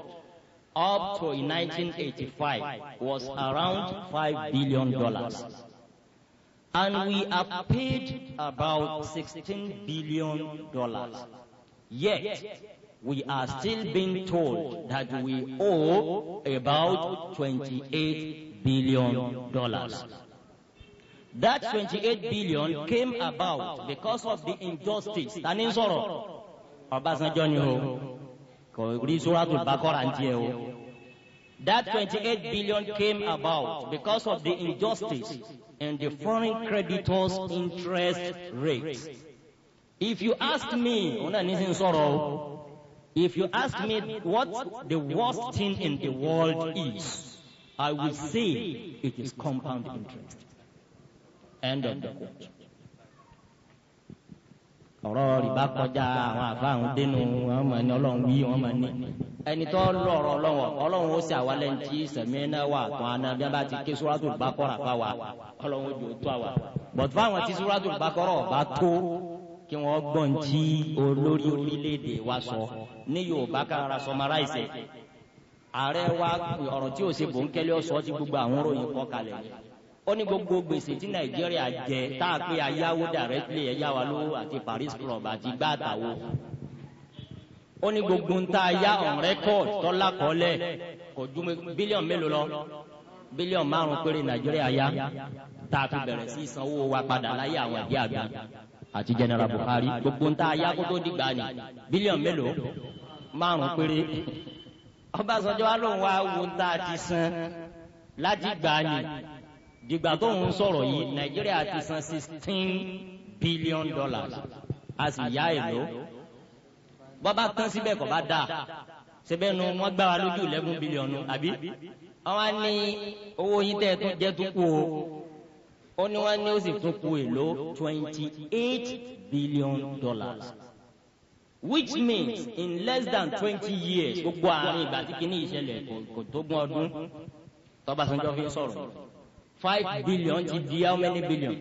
up to in 1985 was around five billion dollars and we have paid about sixteen billion dollars yet we are still being told that we owe about twenty-eight billion dollars. That 28 billion came about because of the injustice. Tani sọ̀rọ̀? Ọbásanjọ́ ni o. Kò rí Suratul Baqarah ń tiẹ̀ o. That 28 billion came about because of the injustice in the foreign creditors' interest rate. If you ask me, òun náà sin sọ̀rọ̀ o. If you ask me what the worst thing in the world is. I will say it is compound interest. End of the quote. ọ̀rọ̀ rìbá kọjá àwọn àbá dénú wọn máa ní ọlọ́run wí wọn máa ní. ẹni tó lọ̀rọ̀ ọlọ́run ọlọ́run ó sì àwálẹ̀ ń tí sẹ̀mí iná wà tán àná bí wọ́n bá ti ké sóràtò ìbákọ́rà fà wá ọlọ́run ojú tó àwà. bọ̀dù fáwọn tí sóràtò ìbákọ́rà ọ̀bá tó kí wọ́n gbọ́n tí olórí orílẹ̀-èdè wa sọ ní yorùbá kára sọmaráìsẹ̀ ààrẹ wa ọ̀rọ̀ tí ò ṣe bòńkẹ́lẹ́ ọ̀sọ́ ti gbogbo àwọn ròyìn kọ́ kalẹ̀ yìí ó ní gbogbo gbèsè tí nàìjíríà jẹ tá a pé ayáwó dàrẹ́tìlì ẹ̀yá wa lówó àti Paris Club àti gbá àtàwó ó ní gbogbo ń tá a yá on record tọ́lá kọ́lẹ̀ kò ju bílíọ̀n mélòó lọ bílíọ̀n márùn péré nàìjíríà yá tá a tún bẹ̀rẹ̀ sí sanwó wa padà láyé àwọn ìdí àgbà àti General Buhari gbogbo ń tá a yá kó tó dìgbà ni bílíọ̀n mélòó márùn péré Ọbásanjọ́ wa lòun wá wo tá a ti san láti gbà ní dìgbà tó ń sọ̀rọ̀ yìí Nàìjíríà ti san sixteen billion dollars a sì yá èlò bọ́bá tán síbẹ̀ kò bá dáa síbẹ̀ nu wọ́n gbà wá lójú eleven billion àbí wọ́n ní owó yín tẹ́ tún jẹ́ tún kú o ó ní wọ́n ní ó sì tún kú èlò twenty eight billion dollars which means in less than twenty years gbogbo àárín ìgbà tí kìíní ìṣẹ̀lẹ̀ kò tó gún ọdún tọ́básánjọ́ fi sọ̀rọ̀ five billion ti di how many billion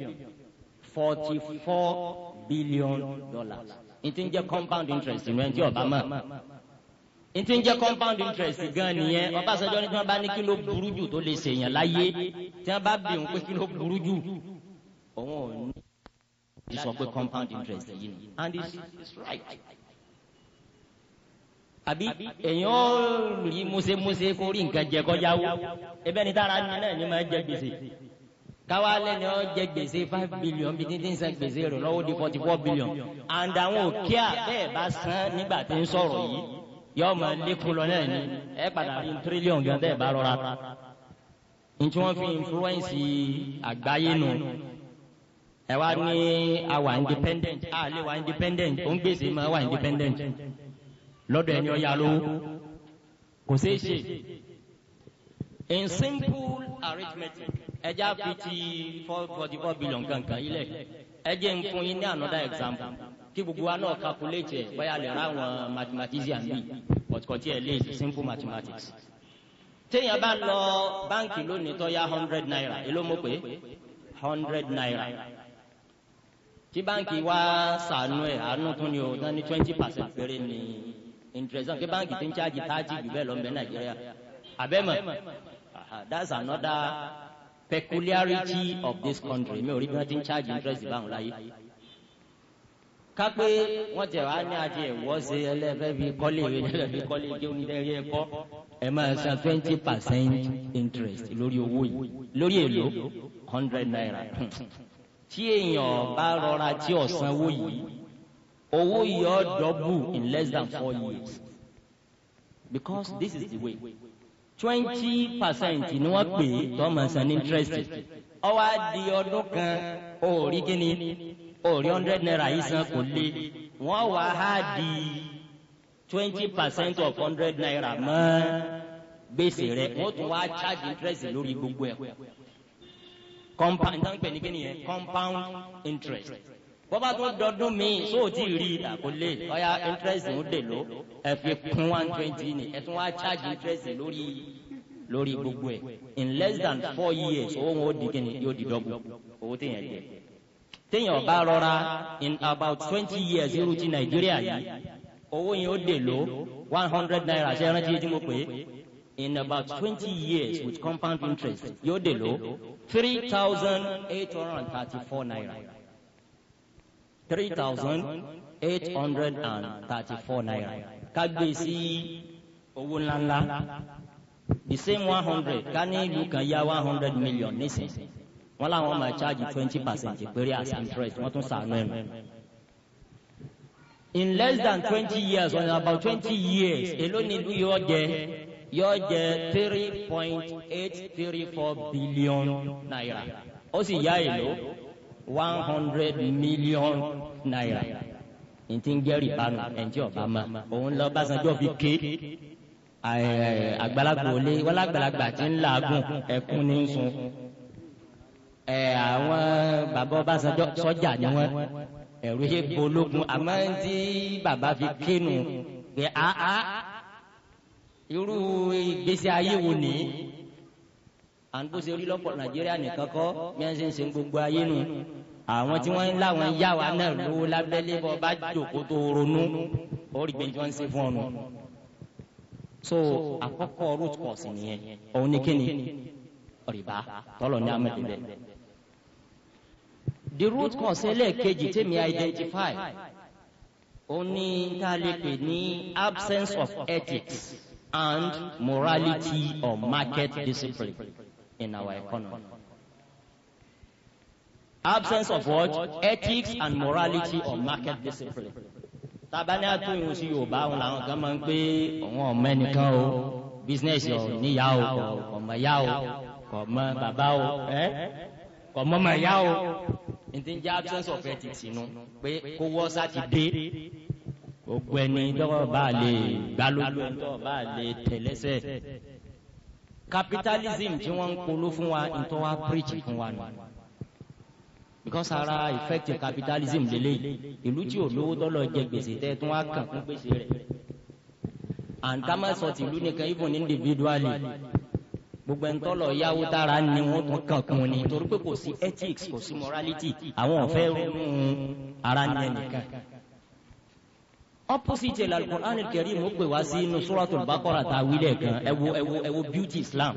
forty four billion dollars n ti ń compound interest ìrìn ẹ̀jẹ̀ ọ̀bá mọ̀ n ti ń jẹ́ compound interest gan nìyẹn ọbásánjọ́ ní tí wọ́n bá ní kí ló burú jù tó lè ṣèyàn láyé tí wọ́n bá bì ń pé kí ló burú jù òun ò ní sọ pé compound interest yìí and it's, it's right àbí èyàn ó rí musemuse kó rí nǹkan jẹ kọjáwó ebe ní tára ní náà ní máa jẹ gbèsè káwá lẹ́ni ó jẹ gbèsè five billion bíi títí ń san gbèsè rẹ̀ lọ́wọ́ di forty four billion and àwọn òkè à bẹ́ẹ̀ bá san nígbà tí ń sọ̀rọ̀ yìí yọ ọmọ lẹ́kùn lọ náà ni ẹ padà rí trillion gan tẹ́ ẹ bá rọra ntí wọ́n fi influence àgbáyé nù ẹ wá ní àwa independent àlè wa independent ó ń gbèsè máa wà independent. independent. lọ́dọ̀ ẹni ọ̀yà ló kò ṣeé in simple arithmetic ẹja fi ti four forty four billion kankan ẹ jẹ́ n fún yín ní another example kí gbogbo wa náà calculate ẹ̀ bóyá lè ráwọn mathematician simple mathematics. téèyàn bá lọ báǹkì lónìí tó yá naira èló mo naira tí báǹkì wa sànú ẹ̀ àánú tún ni o ní interest kí báńkì ti charge thirty jù bẹ́ẹ̀ lọ Nigeria. nàìjíríà abẹ́mọ̀ that's another peculiarity of this country mi ò rí bí wọ́n ti ń charge interest báwọn láyé kápé wọ́n tẹ̀ wá ní àti ẹ̀wọ́ ẹlẹ́fẹ́ fi kọ́lé rẹ̀ ẹlẹ́fẹ́ kọ́lé jẹ́ onídẹ́rí ẹ̀kọ́ ẹ̀ máa san twenty percent interest lórí owó yìí lórí èlò hundred naira tí èèyàn bá rọra tí ọ̀sán owó yìí owó yọ double in less than four years because this is the way twenty percent ni wọ́n pè é tọ́mọ̀ san interest ọwọ́ di ọdún kan òòrí kíni òòrí hundred naira yìí san kò lé wọ́n wá á di twenty percent of hundred naira mọ́ gbèsè rẹ̀ wọ́n tún wá charge interest lórí gbogbo ẹ̀ compound ìtàn pè ní kíni yẹn compound interest bọ́bá tó dọdún míì sóòtì rí ìdà kó lè ọ̀yà interest ń dè ló ẹ fi kún one twenty ni ẹ tún wá charge interest lórí lórí gbogbo ẹ in less than four years owó wọn ó di kíni yóò di dọ́gbù owó téèyàn jẹ téèyàn bá rọra in about twenty years irú ti nàìjíríà yìí owó yẹn ó dè ló one hundred naira ṣe rántí tí mo pè é in about twenty years with compound interest yóò dè ló three thousand eight hundred and thirty-four naira three thousand eight hundred and thirty-four naira kágbé sí owó ńláńlá the same one hundred ká ní ìlú kan yá one hundred million nísìnyí wọn làwọn máa charge twenty percent péré as interest wọn tún sàánú ẹnu in less than twenty years or about twenty years èló ni ìlú yóò jẹ yóò jẹ three point eight three four billion naira ó sì yá èló one hundred million naira ntí ń jẹ́ rìbánu ẹ̀ǹtí ọ̀bá ma òun lọ Ọbásanjọ́ fi ké àgbàlagbà ò lé wọ́n lágbàlagbà ti ń làágùn ẹkún ní ń sun ẹ àwọn bàbá Ọbásanjọ́ sọ́jà ni wọ́n ẹ̀rú ṣe bológun àmọ́ tí bàbá fi kéènù pé áá irú ìgbésí ayé wo nìyí à ń bó ṣe nàìjíríà nìkan kọ́ bí ṣe ń gbogbo ayé nù àwọn tí wọ́n ń láwọn yá wa náà lówó lábẹ́lé bọ́ bá jòkó tó ronú orí gbẹ̀ǹjọ́ ń ṣe fún ọ so àkọ́kọ́ root cause nìyẹn òun ni kíni rìbá tọ́lọ̀ ní amẹ́lì bẹ́ẹ̀. the root cause ẹlẹ́ẹ̀kejì tèmi identify òun ni tá a lè pè ní absence of ethics and morality or market discipline in our economy. Absence of what? Ethics and morality or market discipline. Tabani àtúnyìn sí Yorùbá àwọn làwọn kan máa ń pé àwọn ọmọ ẹnìkan o, bísínẹ́sì ọ̀ o, ọmọ yá o, ọmọ bàbá o, ọmọ ọmọ yá o. Ntí ń jẹ́ absence of ethics nù pé kó wọ́sà ti dé gbogbo ẹni tọ́wọ́ bá lè gbálógbó tọ́wọ́ bá lè tẹ̀lẹ́sẹ̀ capitalism tí wọ́n ń polo fún wa ntọ́ wa preach fún wa nù because ara effect capitalism lélẹ́yìí ìlú tí ò lówó tọ́lọ̀ jẹ gbèsè tẹ́ tún wá kàn fún gbèsè rẹ̀ àǹtámẹ́sọ̀ tìlú nìkan even individually gbogbo ẹni tọ́lọ̀ yáwó tára ni wọ́n tún kàn kún ni torí pé kò sí ethics kò sí morality àwọn ò fẹ́ ronú ara nìkan opposite la alukur'an kẹrim ó pè wá sí inú suratul baqara tá a wílẹ̀ kan ẹ wo ẹ wo ẹ wo beauty islam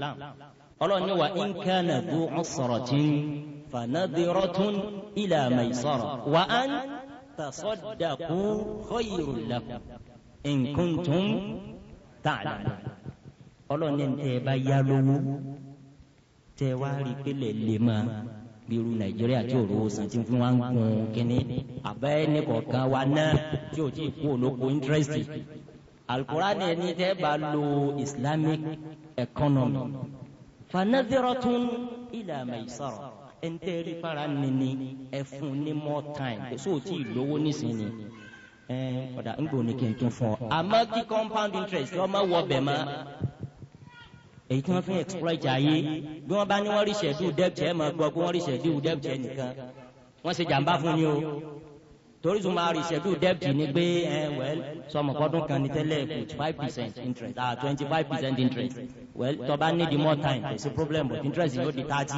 ọlọ́run ní wa in kana dhu usratin fanadiratun ila maysara wa an tasaddaqu khayrun lakum in kuntum ta'lamun ọlọ́run ní tẹ́ ẹ bá yá lówó tẹ́ wá rí pé lè lè bí irú nàìjíríà tí òru san tí fún gun kínní àbẹ́ nìkọ̀ọ̀kan wa náà tí ò tí kú olóko interest alukurani ẹni tẹ́ bá lo islamic economy fanadiratun ila maisara ẹnitẹ́rì para nini ẹfun ní more time èso tí ì lówó nísìnyí ẹ ọ̀dà ń gbòó ní fún ọ. àmọ́ kí compound interest ọmọ wọ bẹ̀ mọ́ èyí tí wọ́n fi exploit ayé bí wọ́n bá ní wọ́n rí ṣẹ̀dú dẹ́pẹ̀ ẹ̀ máa gbọ́ pé wọ́n rí ṣẹ̀dú dẹ́pẹ̀ nìkan wọ́n ṣe jàǹbá fún ni o torí tún máa rí ṣẹ̀dú dẹ́pẹ̀ ni pé ẹ wẹ́l sọmọ kọ́dún kan ní tẹ́lẹ̀ with five percent interest ah twenty five percent interest well tó bá need more time kò sí problem but interest yóò di thirty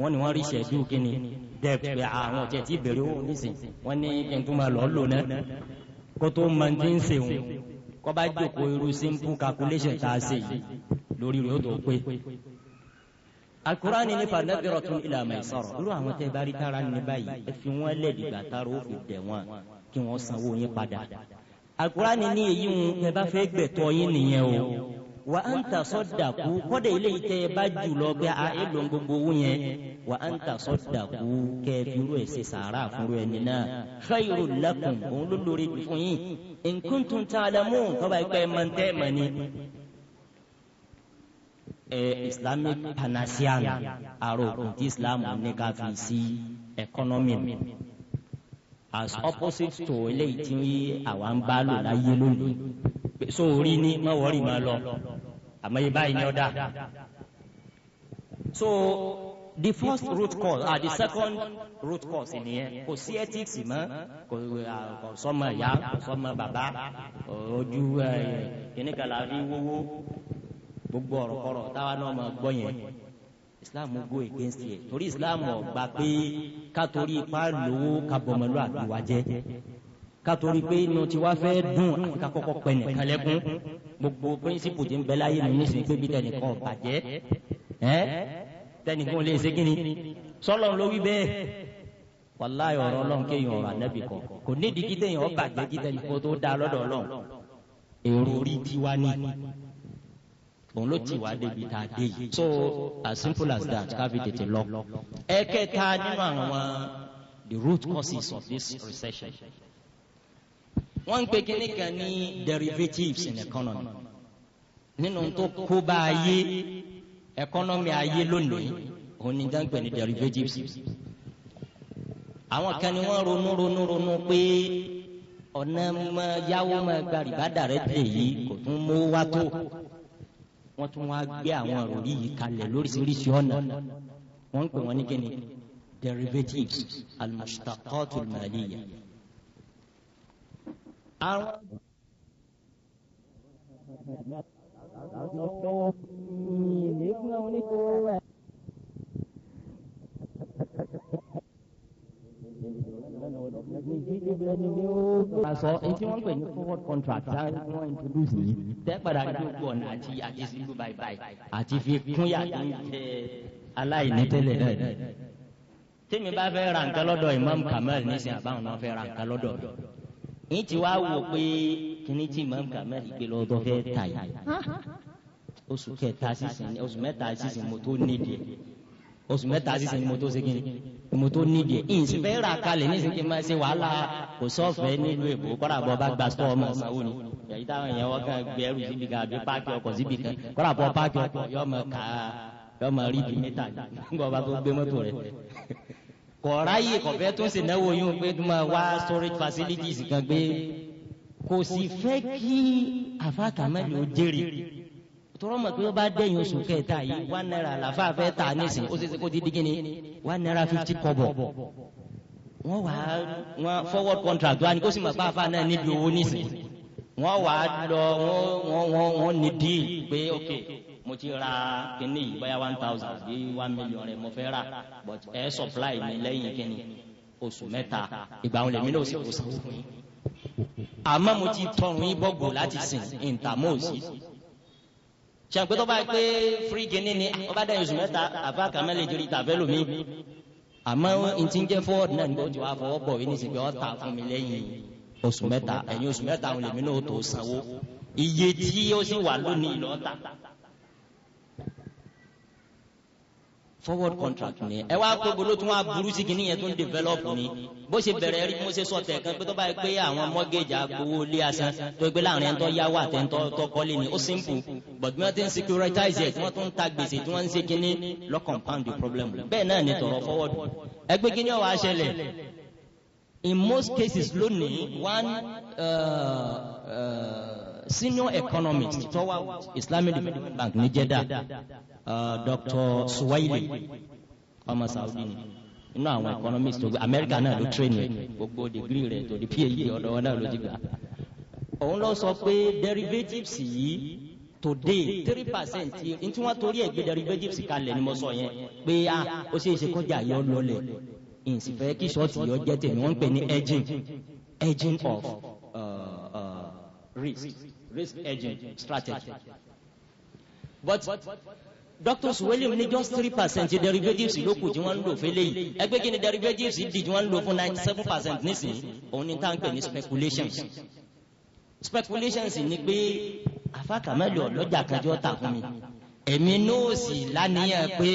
wọ́n ní wọ́n rí ṣẹ̀dú kínní dẹ́pẹ̀ pé àwọn ah, ọ̀jẹ̀ tí ìbèrè owó nísìn wọ́n ní kí n tún máa lọ́ọ́ lò náà kó tó máa ń ṣe òun kọ́ bá jókòó irú simple calculation tá a ṣe yìí lórí rẹ̀ ó tó pé. alukurani ní fanabiratun ila maisara irú àwọn tẹ́ bá rí tara ní báyìí ẹ fi wọ́n lẹ̀ dìgbà tara ó fi dẹ̀ wọ́n kí wọ́n sanwó yín padà. alukurani ní èyí ń tẹ́ bá fẹ́ gbẹ̀tọ́ yín nìyẹn o wa an ta sọdaku kọdẹ ilé yìí tẹ bá jùlọ gbé a e lọ gbogbo wu yẹn wa an ta sọdaku kẹ firu ẹ ṣe sàárà furu ẹ nina lakun òun ló lórí fún nkuntun taalamu tọba ikpe mantẹ mani ẹ islamic panacea aro kunti islamu ní ká fi sí ẹkọnọmi as opposite to eléyìí tí àwa ń bá lò láyé lónìí pé sóun rí ní mọ́wọ́rì máa lọ àmọ́ yìí báyìí ni ó dà. so the first root cause ah the second root cause nìyẹn kò sí ethics mọ́ kò ah, kò sọmọ ìyá kò sọmọ bàbá ojú eh, kìnnìkan la rí wọ́wọ́ gbogbo ọ̀rọ̀ kọ̀rọ̀ táwa náà máa gbọ́ yẹn islam go against yẹ torí islam ó gbà pé ká torí ipá lówó ká bọmọlúwàbí wa kátorí pé inú tí wá fẹ́ dùn àti ká kọ́kọ́ pẹ̀ nìkan lẹ́kún gbogbo píríncípù tí ń bẹ láyé mi ní sèpé bí tẹnìkan bàjẹ́ ẹ́ tẹnìkan lè ṣe kíni sọlọ ló wí bẹ́ẹ̀ wàláyé ọ̀rọ̀ ọlọ́run kéèyàn ọ̀rọ̀ ànábì kan kò nídìí kí tẹ̀yìn ọba àgbẹ̀ kí tẹ̀yìn kó tó dá lọ́dọ̀ ọlọ́run èrò orí tiwa ni òun ló ti wá débi tá a dé so as simple as that káfi tètè lọ. ẹ̀kẹta nínú àwọn the root causes of this recession wọ́n ń pè kíní kan ní derivatives in economy nínú tó kó bá ayé economy ayé lónìí òun ni dáńpẹ̀ ní derivatives àwọn kan ni wọ́n ronú ronú ronú pé ọ̀nà mọ yáwó mọ gba rìbá dàrẹ́tì yìí kò tún mú wá tó wọ́n tún wá gbé àwọn òrí yìí kalẹ̀ lóríṣiríṣi ọ̀nà wọ́n ń pè wọ́n ní kíni derivatives al-mushtaqat àwọn. Àṣọ etí wọ́n pè ní forward contract tá wọ́n introduce yìí tẹ́ padà ní ojú ọ̀nà àti àti sílùú báyìí báyìí àti fi kúnyà ní jẹ aláìní tẹ́lẹ̀ náà tèmi bá fẹ́ ra nǹkan lọ́dọ̀ Imam Kamal nísìnyí àbáwọn náà fẹ́ ra nǹkan lọ́dọ̀ mi ní ti wá wò pé kíní tí mọ̀ nǹkan mẹ́rin gbé lọ́dọ̀ fẹ́ tà yìí oṣù kẹta sísìn oṣù mẹ́ta sísìn mo tó nídìí oṣù mẹ́ta sísìn ni mo tó segin ni mo tó nídìí ìyìnsì fẹ́ rà kalẹ̀ ní ìsìnkí máa ṣe wàhálà kò sọ́ọ̀fẹ́ nílùú èbó kọ́ra bọ́ bá gba sọ́ọ̀ ọmọ sanwó ni èyí táwọn èèyàn wọ́n kàn gbẹ́rù síbi kan àbí páàkì ọkọ̀ síbi kan kọ́ra bọ́ páàkì ọkọ̀ yọ ọmọ kàá yọ ọmọ rí bíi mítà gbọ́ bá tó kọ̀ọ̀ráyè kọ̀fẹ́ tó sì náwó yóò pé tó máa wá storage facilities kan gbé kò sì fẹ́ kí àfàkàmẹ́lì ó jèrè tọrọ mọ̀ pé ó bá dẹ̀yìn oṣù kẹta yìí one naira làfà fẹ́ tà nísìnyí ó sì ṣe kó di dígí ni one naira fifty kọ́bọ̀ wọ́n wá wọ́n forward contract wa ni kó sì mọ̀ pé àfà náà níbi owó nísìnyí wọ́n wá lọ wọ́n wọ́n wọ́n ní díì pé okay. okay mo ti ra kíní yìí báyà one thousand bí one million rẹ mo fẹ́ rà but air supply mi lẹ́yìn kíní oṣù mẹ́ta ìgbà wọn lèmi náà sì kó sanwó fún yín àmọ́ mo ti tọrùn yín bọ́gbọ̀ láti sìn ìntàmóòsì sàǹpé tó bá pé free gini ni ọba dẹ̀ oṣù mẹ́ta àbá kàmẹ́lì torí tàbẹ́ lómi àmọ́ ntí ń jẹ́ forward náà ni ó ti wá fọwọ́ bọ̀ yìí nísìnyí pé ọ́ ta fún mi lẹ́yìn oṣù mẹ́ta ẹ̀yìn oṣù mẹ́ta náà tó sanwó iye tí ó sì wà lónìí lọ́ta forward contract ni ẹ wá pé bolo tí wọn aburú sí kìíní yẹn tó ń develop ni bó ṣe bẹ̀rẹ̀ rí mo ṣe sọ tẹ̀ kan pé tó bá yẹ pé àwọn mortgage agbowó lé asan tó gbé láàrin ẹni tó yáwó àti ẹni tó kọ́lé ni ó simple but bí wọ́n ti ń securitize ẹ̀ tí wọ́n tún ń ta gbèsè tí wọ́n ń ṣe kìíní lọ compound the problem bẹ́ẹ̀ náà ni tọ̀rọ̀ forward ẹgbẹ́ kìíní ọ̀wá ṣẹlẹ̀ in most cases lónìí one uh, uh, senior economist tó Islamic Development Bank ní Jeddah Uh, Dr. Suwaili ọmọ Saudi ni inú àwọn economist tó gbé Amẹ́ríkà náà ló train yẹn gbogbo degree rẹ̀ tó di PhD ọ̀dọ̀ wọn náà ló ti gbà. òun lọ sọ pé derivatives yìí today three percent n tí wọ́n torí ẹ̀ gbé derivatives kalẹ̀ ni mo sọ yẹn pé a ah, ó ṣeé ṣe kọjá yọ lọlẹ̀ ìsìnfẹ́ kí ṣọ́ọ̀tì yọ jẹ́ tèmi wọ́n ń pè ní edging edging of uh, uh, risk risk edging strategy. But, but, but, but Doctors, suweli ní just three percent derivatives ló kù tí wọ́n ń lò fẹ́lẹ́ yìí ẹgbẹ́ kí ni derivatives di tí wọ́n ń lò fún ninety seven percent nísìnyí òun ni táǹpẹ̀ ní speculations speculations ni pé àfàkàmẹ́lì ọlọ́jà kanjọ́ ta fún mi èmi náà sì lánìyàn pé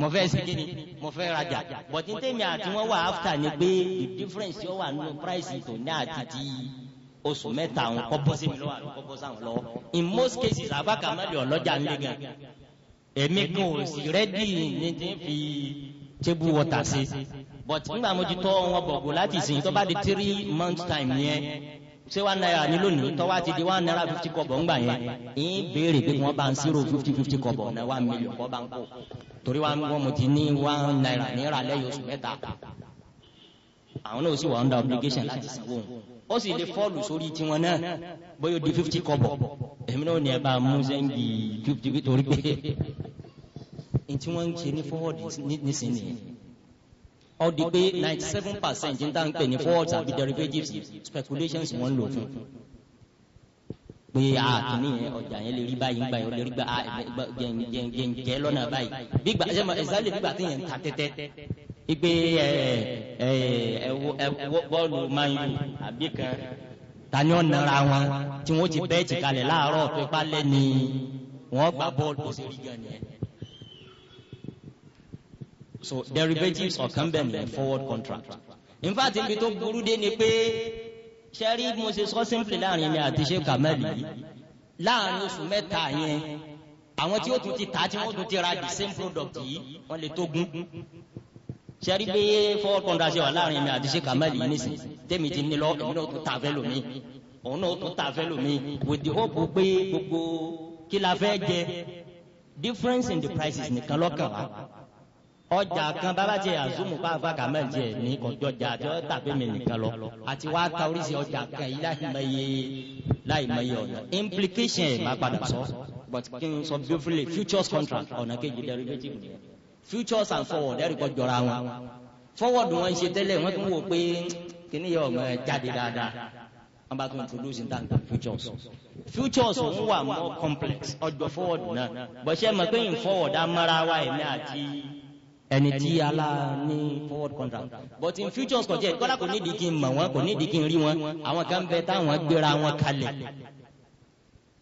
mo fẹ́ sí kí ni mo fẹ́ rajà but ní tèmi àti wọ́n wà after ni pé the difference yóò wà nínú price tó ní àti ti oṣù mẹ́ta àwọn kọ́ bọ́ sí mi lọ́wọ́ àwọn kọ́ bọ́ sáwọn lọ́wọ́ in most cases àfàkàmẹ́lì ọlọ́jà ń lé gan èmi kan ò sì rẹ́dì ní ti fi tébù wọ́tà sí but nígbà mo ti tọ́ wọn bọ̀gbọ̀ láti sìn tó bá di three months time yẹn ṣé one naira ní lónìí tọ́wọ́ àti di one naira fifty kọ̀bọ̀ ńgbà yẹn ń béèrè pé wọ́n bá ń zero fifty fifty kọ̀bọ̀ náà one million kọ́ bá ń kó torí wọn mo ti ní one naira ní ìrànlẹ́ yóò sùn mẹ́ta àwọn náà sì wà under obligation láti sanwó wọn ó sì lè fọ́ọ̀lù sórí tiwọn náà bóyá ó di fifty kọ́bọ̀ èmi náà ní ẹ bá mú sẹ́ńgì fifty torí pé ntí wọ́n ń ṣe ní forward nísìnyí ó di pé ninety seven percent ń tà ń pè ní forward àbí derivatives speculations wọ́n ń lò fún pé a kìíní yẹn ọjà yẹn lè rí báyìí gbà yẹn lè rí gbà jẹnjẹnjẹ lọ́nà báyìí bí gbà ẹ̀sán lè bí gbà tí yẹn ń ta tẹ́tẹ́ igbe ẹ ẹ ẹ bọ́ọ̀lù mayu àbí kan tani ọ̀ nara wọn tí wọ́n ti bẹ́ẹ̀ tìkalẹ̀ láàárọ̀ tó ipa lẹ́ni wọ́n gba bọ́ọ̀lù tó ṣe gan yẹn. so derivatives ọ̀kan bẹ̀ ní forward contract. in fact ibi tó burú dé ni pé sẹ́rí mo ṣe sọ simple láàrin mi àti ṣe kàmẹ́lì láàrin oṣù mẹ́ta yẹn àwọn tí ó tún ti ta tí wọ́n tún ti ra the same product yìí wọ́n lè tó gún sẹ́rí pé four hundred ṣe wà láàrin mi àti ṣe kàmẹ́lì yìí nísìn tẹ́mi ti ní lọ èmi náà ta fẹ́ lómi òun náà tún ta fẹ́ lómi with the hope pé gbogbo kí la fẹ́ jẹ difference in the prices nìkan lọ́kàn wa ọjà kan bàbá tiẹ̀ àzùmù bá fa kàmẹ́lì tiẹ̀ ní kọjọ́jà àti ọ̀tà pé mi nìkan lọ àti wàá ta oríṣi ọjà kan yìí láì mọ iye láì mọ iye ọ̀nà implication ẹ̀ má padà sọ but kí n sọ briefly futures contract ọ̀nà kejì derivative nìyẹn futures and forward ẹ̀rí kọ́ jọra wọn forward wọn ṣe tẹ́lẹ̀ wọ́n tún wò pé kíní yẹ ọmọ ẹ jáde dáadáa wọ́n bá tún introduce nǹkan kan futures futures ń wà more complex ọjọ́ forward náà bọ̀ṣẹ́ mọ̀ pé in forward á mara wa ẹ̀mí àti ẹni tí ala ní forward contract but in futures kọjá kọ́lá kò nídìí kí n mọ̀ wọ́n kò nídìí kí n rí wọn àwọn kan bẹ táwọn gbéra wọn kalẹ̀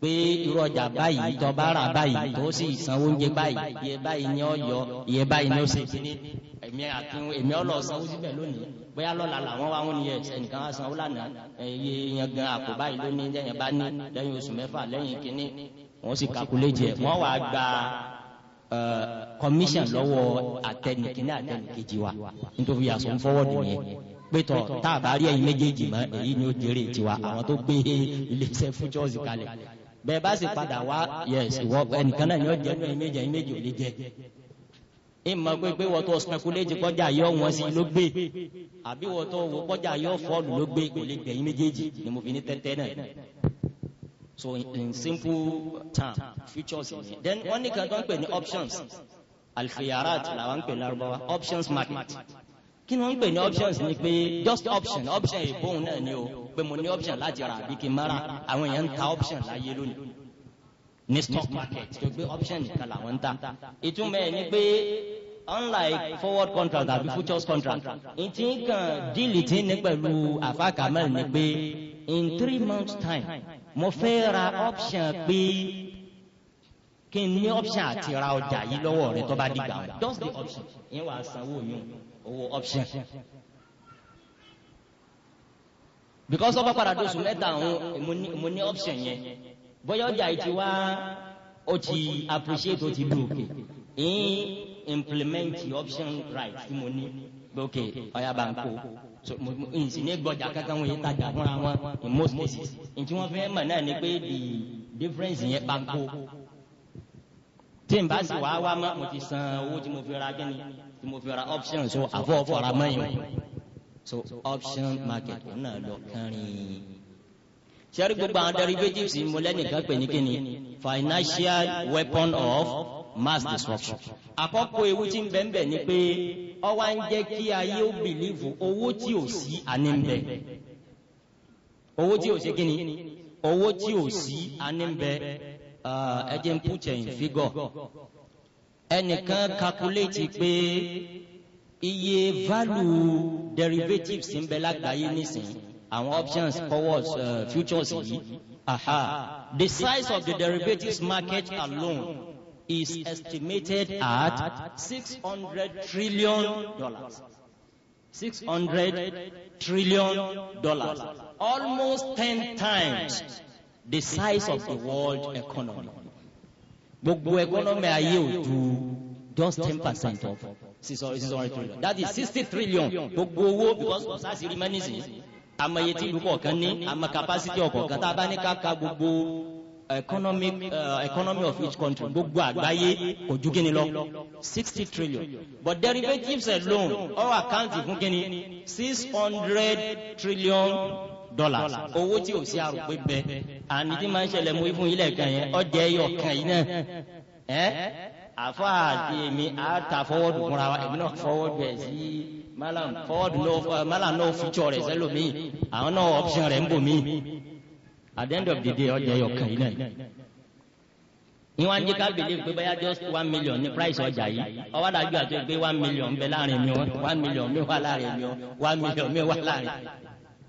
pé irú ọjà báyìí tó bá rà báyìí tó sì sanwó oúnjẹ báyìí iye báyìí ni ó yọ iye báyìí ni ó ṣe kíní èmi àti èmi ọlọ sanwó síbẹ̀ lónìí bóyá lọ́la làwọn wá wọn ni ẹsẹ̀ nìkan wá sanwó lánàá iye yẹn gan àpò báyìí lónìí lẹ́yìn bá ní lẹ́yìn oṣù mẹ́fà lẹ́yìn kíní wọ́n sì kakule jẹ wọ́n wá gba commission lọ́wọ́ àtẹnìkíní àtẹnìkejì wa nítorí àsọ̀ ń fọwọ́ dùn yẹn pétọ tá a bá rí ẹyin méjèèjì mọ èyí ni ó jèrè tiwa àwọn tó gbé iléeṣẹ́ fún chọọsì kalẹ̀ bẹ́ẹ̀ bá sì padà wá yes wọ ẹnìkan náà yóò jẹ ní méje ní méje ò lè jẹ ìmọ̀ pé pé wọ́n tó speculate kọjá yọ wọn sí ló gbé àbí wọ́n tó wọ kọjá yọ fọ́ọ̀lù ló gbé kò lè gbẹ̀yìn méjèèjì ni mo fi ní tẹ́tẹ́ náà so in, simple term features ni then wọ́n ní kan tó ń pè ní options alkhiyarat làwọn ń pè ní arúgbó wa options market kí ni wọ́n ń pè ní options ni pé just option option ìbóhùn náà ni o pé mo ní option láti ra àbí kí n má ra àwọn èèyàn ń ta option láyé lónìí ní stock market tó gbé option nìkan làwọn ń ta ìtumọ̀ ẹ̀ ni pé unlike forward contract àbí futures contract ntí kan díìlì tí ní pẹ̀lú àfa ni pé in three months time mo fẹ́ ra option pé kí n ní option àti ra ọjà yìí lọ́wọ́ rẹ tó bá dìgbà just the option yẹn wàá sanwó mi owó option. option because ọba padà dóṣù mẹ́ta àwọn mo ní option yẹn bóyá ọjà yìí ti wá ó ti appreciate ó ti dùn òkè in implement option right tí mo ní lókè ọ̀yà bá ń kó nsì ní gbọ́jà kankan wọ́n yìí tajà fúnra wọn in most cases ntí wọ́n fẹ́ mọ̀ náà ni pé the difference yẹn bá ń kó tí n bá sì wá wá mọ́ mo ti san owó tí mo fi ra kíni tí mo fi ra option so àfọwọ́fọ́ ra mọ́ yìí so option market òun náà lọ kárin sẹ́rí gbogbo àwọn derivatives mọ̀lẹ́nìkan pè ní kíni financial weapon of mass destruction. àkọ́kọ́ ewu tí ń bẹ ni pé ó wá ń jẹ́ kí ayé ó bìlíìfù owó tí ò sí àní ń bẹ. owó tí ò sí kíni owó tí ò sí àní ń bẹ uh, ẹ jẹ́ ń put in figure. ẹnìkan calculate pé iye value derivatives ń bẹ lágbàáyé nísìnyí àwọn options forwards uh, futures yìí aha the size of the derivatives market alone is estimated at six hundred trillion dollars six hundred trillion dollars almost ten times the size of the world economy gbogbo economy ayé ò ju just ten percent of that is sixty trillion gbogbo owó because sars rí mẹ́nìsì amaye tí ìlú kọ̀ọ̀kan ní ama capacity ọ̀kọ̀ọ̀kan tá a bá ní ká ka gbogbo economic uh, economy of each country gbogbo àgbáyé kò ju kí ni lọ sixty trillion but derivatives alone all account fún kí six hundred trillion dollars owó tí o sí àròpé bẹ àní tí máa ń ṣẹlẹ̀ mú ìfún ilẹ̀ kan yẹn ọjà ẹyọ kan yìí náà àfa àti èmi á ta fọwọ́dù fúnra wa èmi náà fọwọ́dù ẹ̀ sí malam fọwọ́dù náà uh, malam náà rẹ̀ sẹ́lómi àwọn náà option rẹ̀ ń bò mí at the end of the day ọjà yọ kàn yín náà ní wọn jẹ ká believe pé bóyá just one million ní price ọjà yìí ọwọ́ dájú àti pé one million bẹ láàrin mi one million mi wà láàrin mi one million mi wà láàrin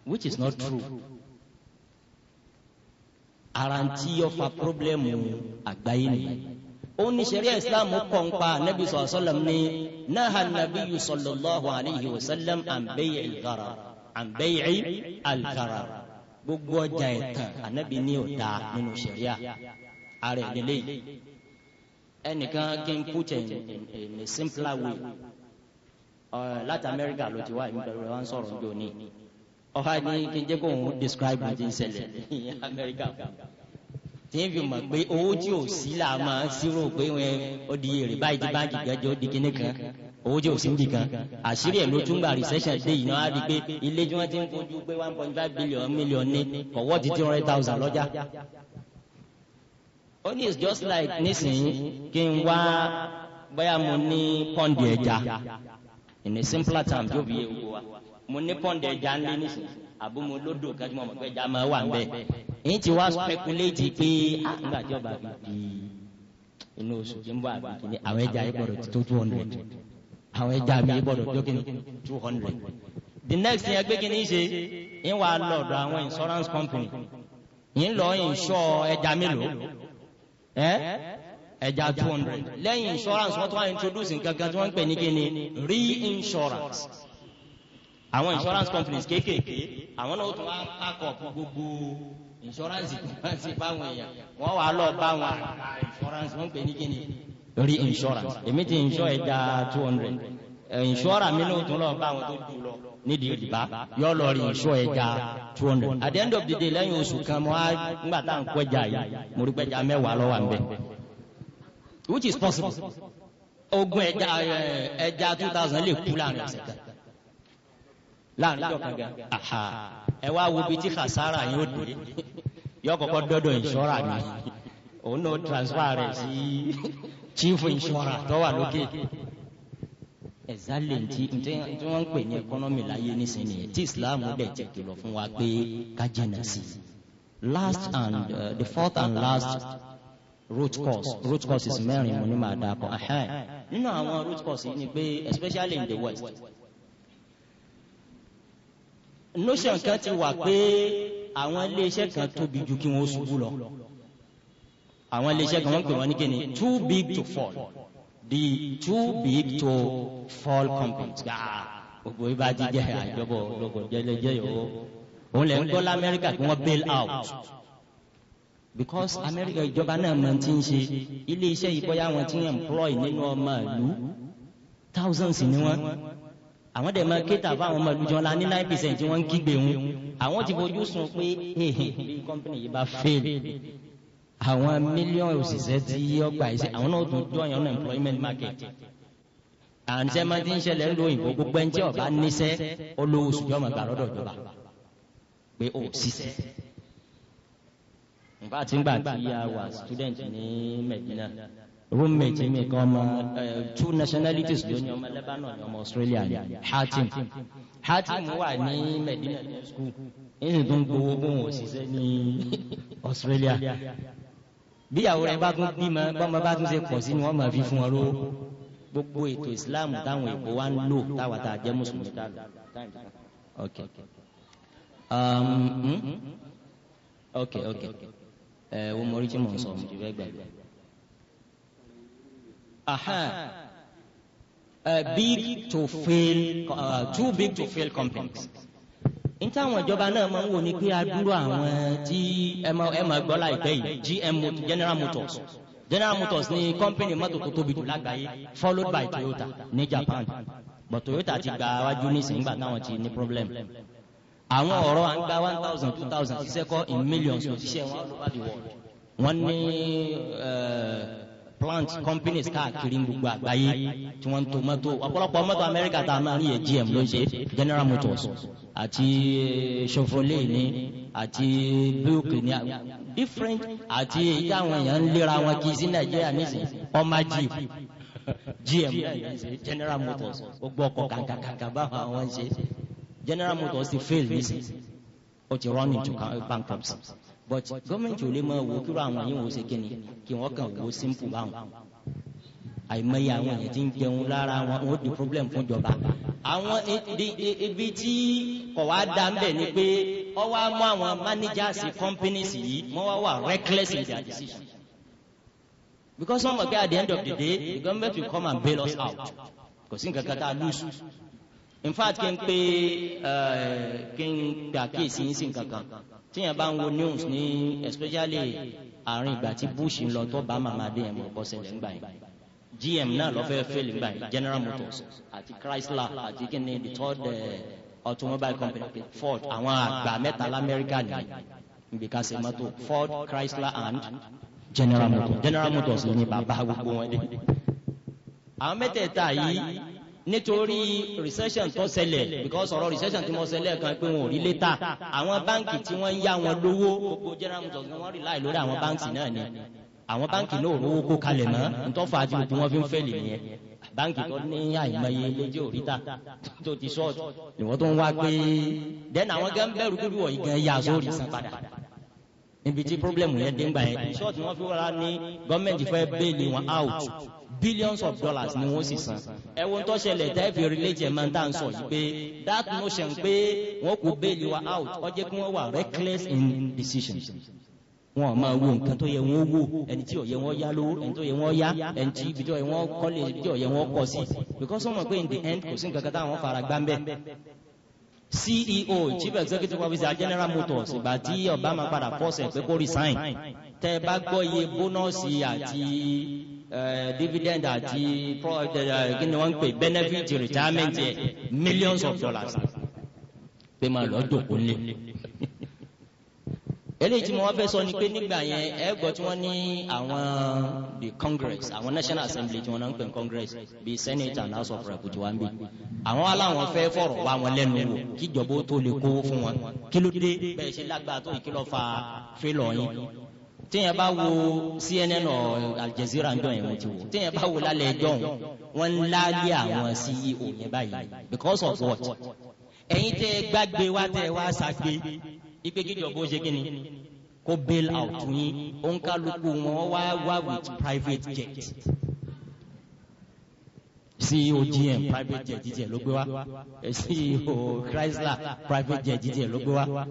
which is not true àrántí ọfà problem àgbáyé nìyẹn òun ní sẹ́rí islam kọ̀ ń pa anabi sọ̀sọ́lẹ̀m ní náà nàbí yìí sọ̀lọ́láhu alayhi wa sallam àǹbẹ̀yẹ̀ ìgbàrà àǹbẹ̀yẹ̀ àlùkàrà gbogbo ọjà ẹ̀tàn anabi ní ọ̀dà nínú sẹ́ríà ààrẹ ìdílé ẹnìkan kí n put in in a simpler way láti amẹ́ríkà ló ti wá ìmúdàrú rẹ̀ wá ń sọ̀rọ̀ ní òní kí n jẹ́ kó òun describe ní ti ń ṣẹlẹ̀ ní amẹ́ríkà tí n fi mọ̀ pé owó tí ò sí là máa ṣírò pé wọn ó di èrè báyìí di báńkì gẹ́jọ́ di kíní kan owó tí ò sí ń di kan àṣírí ẹ̀ ló tún gba recession dé yìí náà á di pé ilé tí wọ́n ti ń fojú pé one point five billion million ní ọ̀wọ́ ti three hundred thousand lọ́jà. Only is just like nísìnyí kí n wá bóyá mo ní pọ́ǹdì ẹja in a simpler term tó fi yé wo wa mo ní pọ́ǹdì ẹja ńlẹ́ nísìnyí àbúmọ̀ lódò kájú mọ̀ pé ẹja máa wà ń bẹ́ẹ̀ èyí ti wá speculate pé ah, nígbà tí ọba fi di inú oṣù tí ń bọ̀ àbí kìíní àwọn ẹja yìí gbọ́dọ̀ tó two hundred àwọn ẹja yìí gbọ́dọ̀ tó kìíní two hundred the next thing ẹgbẹ́ kìíní ṣe ń wà lọ́dọ̀ àwọn insurance company ń lọ insure ẹja mélòó ẹ ẹja two hundred lẹ́yìn insurance wọ́n tún wá introduce nǹkan kan tí wọ́n ń pè ní kìíní reinsurance àwọn insurance companies kéékèèké àwọn náà ó tún wá pack gbogbo insurance insurance, sí báwọn èèyàn wọ́n wà lọ báwọn insurance wọ́n pè ní kíni rí insurance èmi ti insure ẹja two hundred Insurance, mi náà tún lọ báwọn tó dùn lọ nídìí ìdìbà yóò lọ rí insure ẹja two hundred at the end of the day lẹ́yìn oṣù kan mo á nígbà tá à ń kọjá yìí mo rí pẹ́jà mẹ́wàá lọ́wọ́ à ń bẹ̀ which is possible ogun ẹja ẹja two thousand lè kú láàrin ọ̀sẹ̀ kan láàrin ìjọ kan gan ẹ wá wo ibi tí kasara yóò dé yọ kọ́kọ́ dọdọ ìṣọ́ra ni òun náà transfer rẹ sí chief insurer tó wà lókè exactly ntí ntí wọn ń pè ní economy láyé nísìnyí tí islam dẹ̀ jẹ́ kìlọ̀ fún wa pé ká sí last and uh, the fourth and last root cause root cause is mẹ́rin mo ní màá dà kọ́ nínú àwọn root cause yìí ni pé especially in the west notion kan ti wà pé àwọn iléeṣẹ́ kan tóbi ju kí wọ́n ṣubú lọ àwọn iléeṣẹ́ kan wọ́n pè wọ́n ní kíni too big to fall the too big to fall companies gbàá gbogbo ibà jíjẹ àjọbọ lọkọ jẹlẹjẹ yòó òun lè ń gbọ́ lamẹ́ríkà kí wọ́n bail out because amẹ́ríkà ìjọba náà mọ̀ ti ń ṣe ilé iṣẹ́ ìbọyá wọn ti ń employ nínú ọmọ ìlú thousands ni wọ́n àwọn dẹ̀ máa kéta fáwọn ọmọ ìjọ la ní nine percent tí wọ́n ń kígbe wọn àwọn ti fojú sùn pé bí kọ́mpìnì yìí bá fail àwọn mílíọ̀nù òṣìṣẹ́ tí ọgbà yìí ṣe àwọn náà tún join employment market àǹtí máa ti ń ṣẹlẹ̀ ń lo òyìnbó gbogbo ẹni tí ọba níṣẹ́ olówó oṣù jọmọ gbà lọ́dọ̀ ìjọba pé ó ṣiṣẹ́. nǹkan tí a wà student ní Medina roommate mi kan ọmọ two nationalities ló ní ọmọ Lebanon ní ọmọ Australia ní Hatim Hatim wà ní Medina school ẹ̀sìn tó ń gbowó bóun òṣìṣẹ́ ní Australia bíyàwó rẹ̀ bá tún bímọ bọ́mọ bá tún ṣe pọ̀ sí ni wọ́n máa fi fún ọ ló gbogbo ètò Islam táwọn èkó wa ń lò táwa tá a jẹ́ mùsùlùmí tá a lò. okay um, mm? okay okay ẹ eh, wo mo rí tí mo ń sọ mo ti fẹ́ gbàgbé. Aha. big to fail uh, too big to fail companies. n táwọn ìjọba náà máa ń wò ní pé adúrò àwọn tí ẹ máa gbọ́ láìpẹ́ yìí GM General Motors General Motors ni company mọ́tò tó tóbi jù lágbàáyé followed by Toyota ní Japan but Toyota ti gba wájú nísìnyí gbà táwọn ti ní problem. àwọn ọ̀rọ̀ à ń gba one thousand two thousand ṣiṣẹ́ kọ́ in millions ló ṣiṣẹ́ wọn ní. Uh, plant companies káàkiri gbogbo àgbáyé tí wọ́n ń to mọ́tò ọ̀pọ̀lọpọ̀ mọ́tò amẹ́ríkà tá a máa rí yẹn GM ló ń ṣe General Motors àti eh, Chevrolet ní àti Buick ní different àti èyí táwọn èèyàn ń lera wọn kì í sí Nàìjíríà nísìnyí ọmọ jeep GM General Motors gbogbo ọkọ̀ kàǹkàǹkà báwọn àwọn ń ṣe General Motors ti fail nísìnyí ó ti run into bankruptcy but gọ́ọ̀mẹ̀ntì ò lè máa wo kí wọ́n àwọn yẹn wò ó ṣe kí ni kí wọ́n kàn wò ó simple báwọn àìmọye àwọn èèyàn ti ń jẹun lára wọn ó di problem fún ìjọba àwọn e, e, ibi tí kò wá dá ń bẹ̀ ni pé ọ wá mú àwọn managers companies yìí wọ́n wá wà reckless in their decision because wọ́n mọ̀ pé at the end of the day the government will come and bail us out kò sí nǹkan kan tá a lose in fact kí n pe eh, kí n gbà kí èsì yín nǹkan kan tíyẹn bá ń wo news ní especially àárín ìgbà tí bush ń lọ tó bá màmá dé yẹn mọ̀ bọ́ sẹ́lẹ̀ ńgbà yẹn gm náà lọ́ fẹ́ẹ́ fẹ́ẹ́ lè gbà yẹn general motors àti chrysler àti kíni the third eh, automobile company ford àwọn àgbà mẹ́ta lamẹ́ríkà nìyẹn níbi ká ṣe mọ́tò ford chrysler and general motors general motors ló ní bàbá gbogbo wọn dé àwọn mẹ́tẹ̀ẹ̀ta yìí nítorí recession tó ṣẹlẹ̀ because ọ̀rọ̀ recession tí mo ṣẹlẹ̀ kan pé wọn ò rí létà àwọn báǹkì tí wọ́n ń yá wọn lówó gbogbo general motors ni wọ́n rí láì lórí àwọn báǹkì náà ni àwọn báǹkì náà ò rówó kó kalẹ̀ mọ́ ntọ́fà àti òbí wọn fi ń fẹ́ lè yẹn báńkì tó ní àìmọye lójú òríta tó ti sọ́ọ̀tù ìwọ́n tó ń wá pé dẹ́nà àwọn gan bẹ̀rù kúrú wọ̀nyí gan ya sórí san padà níbi tí pírọ́blẹ̀mù yẹn dé ń gbà yẹn sọ́ọ̀tù wọn fi wọ́n ra ní gọ́ọ̀mẹ̀ntì fẹ́ bẹ́ẹ̀lì wọn out billions of dollars ni wọ́n sì san ẹ̀wọ̀n tó ṣẹlẹ̀ tẹ́ẹ̀fì relate ẹ̀ máa ń tà sọ yìí pé that notion pé wọ́n kò bail you out ó jẹ́ kí wọ́n wà reckless in decision wọn máa wo nǹkan tó yẹ wọn wò ẹni tí ó yẹ wọn yá lówó ẹni tó yẹ wọn yá ẹni tí ibi tó yẹ wọn kọ́lé ibi tó yẹ wọn kọ́ sí because wọ́n mọ̀ pé in the end kò sí nǹkan kan táwọn fara gbá ń CEO chief executive officer General Motors ìgbà tí Obama padà pọ́sẹ̀ pé kó resign tẹ́ ẹ bá gbọ́ iye bónọ́ọ̀sì àti Eh, dividend àti kí ni wọ́n ń pè benefit retirement yẹ eh, millions of dollars pé máa lọ dòkó lé eléyìí tí mo wá fẹ́ sọ ni pé nígbà yẹn ẹ gbọ́ tí wọ́n ní àwọn the congress àwọn national assembly tí wọ́n náà ń pè ní congress bíi senate and house of rep tí wọ́n ń bì àwọn aláwọn fẹ́ fọ̀rọ̀ wá wọn lẹ́nu wò kíjọba ó tó lè kó fún wọn kí ló dé bẹ́ẹ̀ ṣe lágbàá tó ìkìlọ̀ fa fílọ̀ yín téèyàn bá wo CNN ọ Al Jazeera ń dọ̀ yẹn mo ti wò téèyàn bá wo lálẹ́ ẹjọ́ wọn ń láàyè àwọn sí òyìn e báyìí because of what ẹ̀yin tẹ́ gbàgbé wa tẹ́ wá ṣàgbé ipe kíjọba ṣe kí ni kó bail out yín òǹkàlùkù wọn wá wá with private jet ceo gm private jet jíjẹ ló gbé wá ceo Chrysler private jet jíjẹ ló gbé wá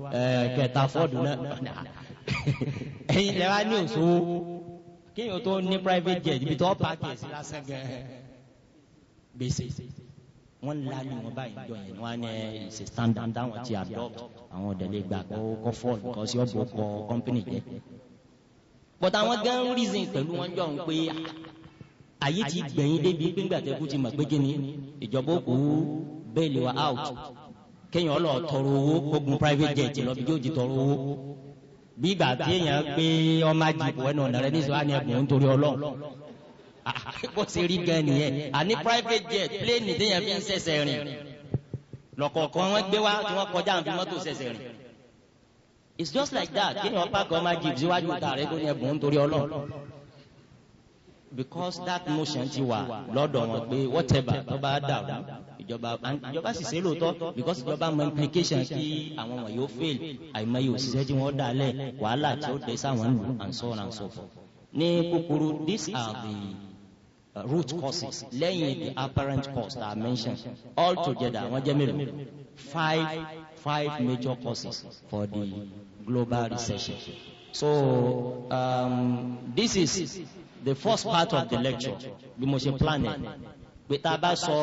kẹta Ford náà. ẹ̀yin lẹ́wà ní òṣòwò kéèyàn tó ní private jet ibi tó bá kìí sí lásán gẹ́gẹ́ gbèsè wọ́n ń la ní wọn báyìí jọ yẹn wọ́n á ní ìṣe eh, standard àwọn ti adopt àwọn ọ̀dẹ̀lẹ̀ gbà kó kó fọ́ọ̀lù kó sí ọ̀bọ̀ kọ company jẹ́ but àwọn gan reason pẹ̀lú wọn jọ ń pé ayé ti gbẹ̀yìn débi gbígbà tẹ́kù ti mọ̀ pé kí ni ìjọba òkú bẹ́ẹ̀lì wa out kéèyàn ọlọ́ọ̀ tọrọ owó ogun private jet lọ́bi yóò di tọrọ owó bí tí èèyàn pé ọmọ àjìbò ẹnu ọ̀nà rẹ níṣẹ́ wà ní nítorí ọlọ́run bó ṣe rí gan nìyẹn àní private jet plane téèyàn fi ń ṣẹ̀ṣẹ̀ rìn lọ́kọ̀ọ̀kan wọ́n gbé wá tí wọ́n kọjá àǹfin mọ́tò ṣẹ̀ṣẹ̀ rìn it's just like that kéèyàn pàkó ọmọ àjìbò síwájú ìta rẹ tó ní ẹ̀bùn nítorí ọlọ́run because that motion, ti wà lọ́dọ̀ wọn pé whatever tó bá dà ìjọba ìjọba sì ṣe lóòótọ́ because ìjọba mọ implication kí àwọn wọ̀nyí ó fail àìmọye òṣìṣẹ́ tí wọ́n dálẹ̀ wàhálà tí ó dé sáwọn nù and so on and so forth. ní kúkúrú these are the uh, root causes lẹ́yìn the apparent cause that I mentioned all together wọ́n jẹ́ mélòó five five major causes for the global recession. So um, this is the first part of the lecture bí mo ṣe plan it pé tá a bá sọ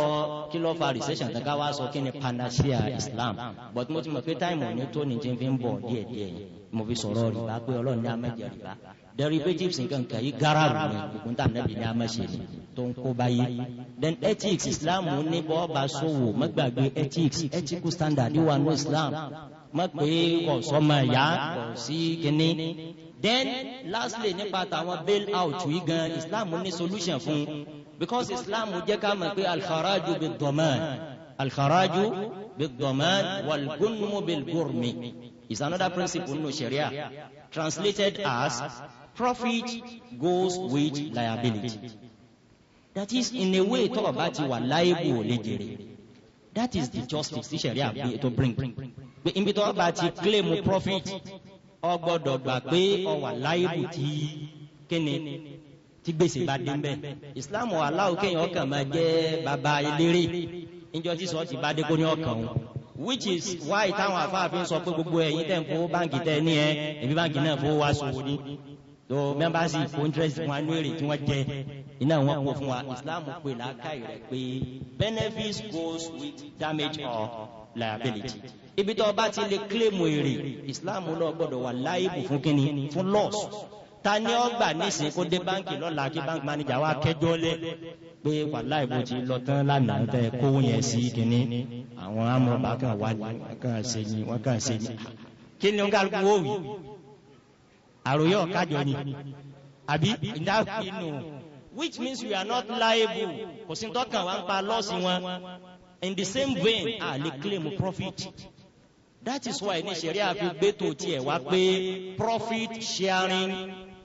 kí ló fa recession tán ká wá sọ kí ni panacea islam but mo ti mọ̀ pé táìmù ní tó ní ti fi ń bọ̀ díẹ̀díẹ̀ mo fi sọ̀rọ̀ rìbá pé ọlọ́run ní amẹ́jẹ rìbá derivatives nǹkan kan yìí gáràrù ni gbogbo ń tà nẹ́bí ní amẹ́ṣe ni tó ń kó báyé then ethics islam ní bọ́ bá sòwò má ethics ethical standard wà ní islam má pé kò sọmọ ìyá kò sí kínní then lastly nípa tàwọn bail out yìí gan islam ní solution fún un because islam jẹ́ ká mọ̀ pé alfaraju bi dọ̀mán alfaraju bi dọ̀mán walgunmu bi gurmi is another principle nínú sharia translated as profit goes with liability that is in a way tó o bá ti wà láìbù ò lè jèrè that is the justice tí sharia gbé tó bring pé ibi tó o bá ti claim profit o gbọ́dọ̀ gbà pé o wà láìbù tí kíni tí gbèsè bá dé mbẹ islam aláwo kéèyàn ọkàn máa jẹ bàbá eléré níjọ tí sọ ti bá dé kó ní ọkàn o which is why táwọn afáàfin sọ pé gbogbo ẹ̀yin tẹ̀ ń fowó báǹkì tẹ̀ ní ẹ ẹ̀mí báǹkì náà fowó wá sòwò ní tó mẹ́mbàsì fòńtírẹ́sì wọn ní èrè tí wọ́n jẹ iná wọn kó fún wa islam pè lákàyè rẹ pé benefits goes with damage or liability ibi tó o bá ti lè claim èrè islam lọ gbọdọ̀ wà láìbù fún kínní fún loss ta ni nísìnyí kó dé báńkì lọ́la kí báńkì mánéjà wa kẹjọ́ lé pé wàláì bó ti lọ tán lánàá tẹ kówó yẹn sí kínní àwọn amọ̀ba kan wà ní wọn kàn ṣe ní wọn kàn ṣe ní. kí ni kálukú wò wí àròyé ọ̀kájọ ni àbí ìdáhùn which means we are not liable kò sí tọ́kàn wa ń pa lọ́ọ̀sì wọn in the same vein a lè claim profit that is why ní sẹ́ríà fi gbé tó tiẹ̀ wá pé profit sharing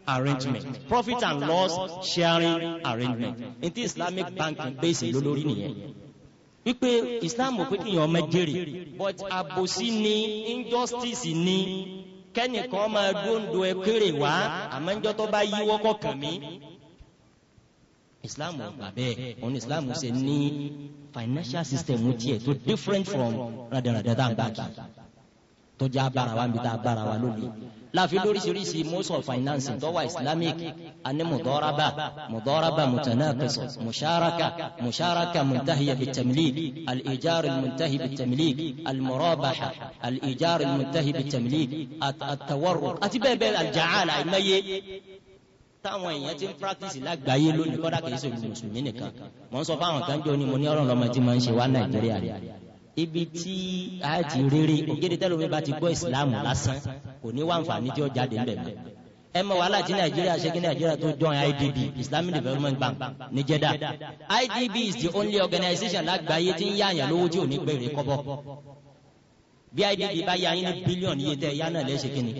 arrangement profit and loss sharing arrangement in ntí islamic banking gbèsè lólórí nìyẹn wípé islam ò pé kí èèyàn ọmọ jèrè but àbòsí ni injustice ni kẹ́nìkan máa dóńdó ẹ kéré wá àmọ́ njọ́ tó bá yíwọ́ kọ̀ọ̀kan mi islam ò gbà bẹ́ẹ̀ òun islam ṣe ní financial system tiẹ̀ tó different from radarada tá n bá kì í tọ́jà bára wa ń bi tá a bára wa lónìí láfi lóríṣiríṣi most of financing tọ́wà islamic ani mudọ́raba mudọ́raba mutanakiso musharaka musharaka muntahiya bitamlik alijar muntahi bitamlik almurabaha alijar muntahi bitamlik atawaru àti bẹ́ẹ̀ bẹ́ẹ̀ aljaala àìmọye táwọn èèyàn ti ń practice lágbàáyé lónìí kọ́dà kìí ṣe mùsùlùmí nìkan mọ̀ ń sọ fáwọn kan jọ ni mo ní ọ̀rọ̀ lọ́mọ tí mo ń ṣe wá nàìjíríà rẹ̀ ibi tí a ti rere ògidì tẹ́lẹ̀ omi bá ti gbọ́ ìsìláàmù lásán kò ní wá àǹfààní tí jáde ńbẹ̀ mọ́ ẹ mọ wàhálà tí nàìjíríà ṣe kí nàìjíríà tó join idb islamic development bank ní idb is the only organisation lágbàáyé tí ń yáàyàn lówó tí ò ní gbèrè kọ́bọ̀ bí idb bá yá yín ní bílíọ̀nù yìí tẹ́ ẹ yá náà lẹ́sẹ̀ kí ni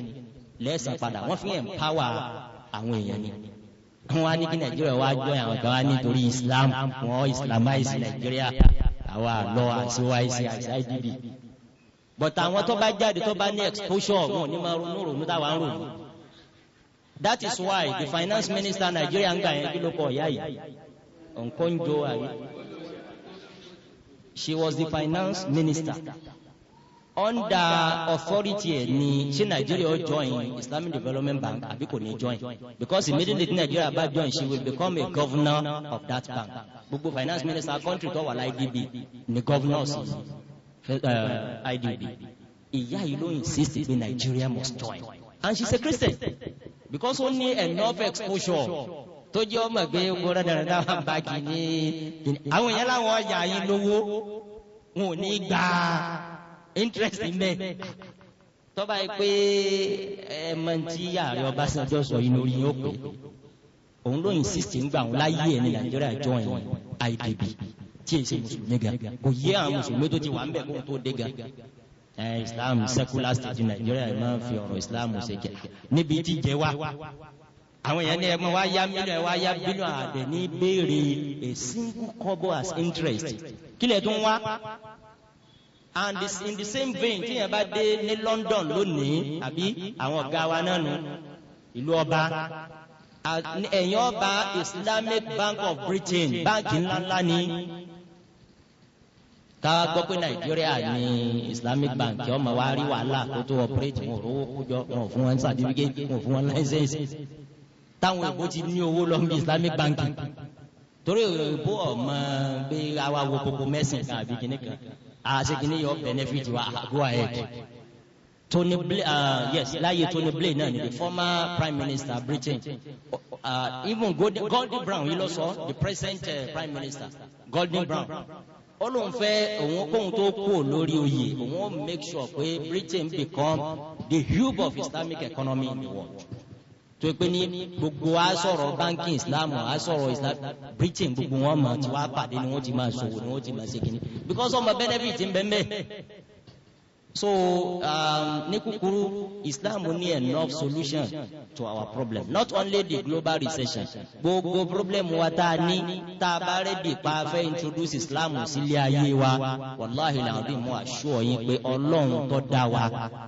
lẹ́sàn padà wọ́n fi empower àwọn èèyàn ni wọ́n á ní kí nàìjíríà wá join àwọn kan wá nítorí islam wọ́n islamize nàìjíríà àwa àlọ́ àti wáìsì àti idb but àwọn tó bá jáde tó bá ní exposure wọn ní máa ronú ronú táwa ń ronú that is why the finance minister Nigeria ń gbà yẹn kí ló kọ ọ̀yá yìí Okonjo-Iweala she was the finance minister. minister under authority ẹ̀ ni ṣé Nigeria ó join Islamic Development Bank àbí kò ní join because immediately Nigeria bá join she will become a governor of that bank gbogbo finance minister country tó wà láìdb ni governors uh, IDB ìyá yìí ló insist pé Nigeria must join and she is a Christian because ó ní enough exposure tó jẹ́ ọmọ gbé gbọ́dọ̀ dáradára wà báàgì ní àwọn yẹn láwọn ọjà yín lówó wọn ò ní gbà á interest ń bẹ tọ́ba yìí pé ẹ mọ ti ààrẹ Ọbásanjọ́ sọ inú orí yóò pè òun ló insist ń gbà wọn láyé ẹ ní Nàìjíríà join IDP tí èsì mùsùlùmí ga kò yé àwọn mùsùlùmí tó ti wà ń bẹ kó tó dé ga ẹ Islam secular state Nàìjíríà ẹ máa fi ọ̀rọ̀ Islam ṣe jẹ níbi tí jẹ wá àwọn èèyàn ní ẹ máa wá yá mílíọ̀nù ẹ wá yá bílíọ̀nù àdẹ ní béèrè a single kobo as interest kílẹ̀ tó ń wá and in the same vein tí yẹn bá dé ní London lónìí àbí àwọn ọ̀gá wa náà nù ìlú ọba ẹ̀yìn ọba Islamic Bank of Britain báńkì ńláńlá ni ká gbọ́ pé Nàìjíríà ní Islamic Bank ọmọ wa rí wàhálà kó tó operate wọn ò rówó kójọ wọn ò fún wọn certificate wọn ò fún wọn license táwọn èèbó ti ní owó lọ bí Islamic Bank torí èèbó ọmọ gbé awa wo koko mẹ́sìn kan àbí kìnnìkan àṣekìní ah, yọ benefit wa go ahead Tony Blair uh, yes láyé Tony Blair náà ni the former prime minister Britain uh, even Gordon, Gordon Brown yìí lọ sọ the present uh, prime minister Gordon Brown ó lóun fẹ́ òun kóun tó kú lórí oyè òun make sure pé Britain become the hub of Islamic economy in the world tó yẹ pé ní gbogbo a sọ̀rọ̀ islam a islam britain gbogbo wọn mọ̀ tí wàá pàdé ni wọ́n ti máa ṣòwò ni wọ́n ti máa ṣe kìnnì because ọmọ benefit ń bẹ́ẹ̀ so um, ní kúkúrú islam ní enough solution to our problem not only the global recession gbogbo problem wa tá a ní tá a pa fẹ́ introduce islam sílé ayé wa wàláhi làwọn mú aṣọ yín pé ọlọ́run tó dá wa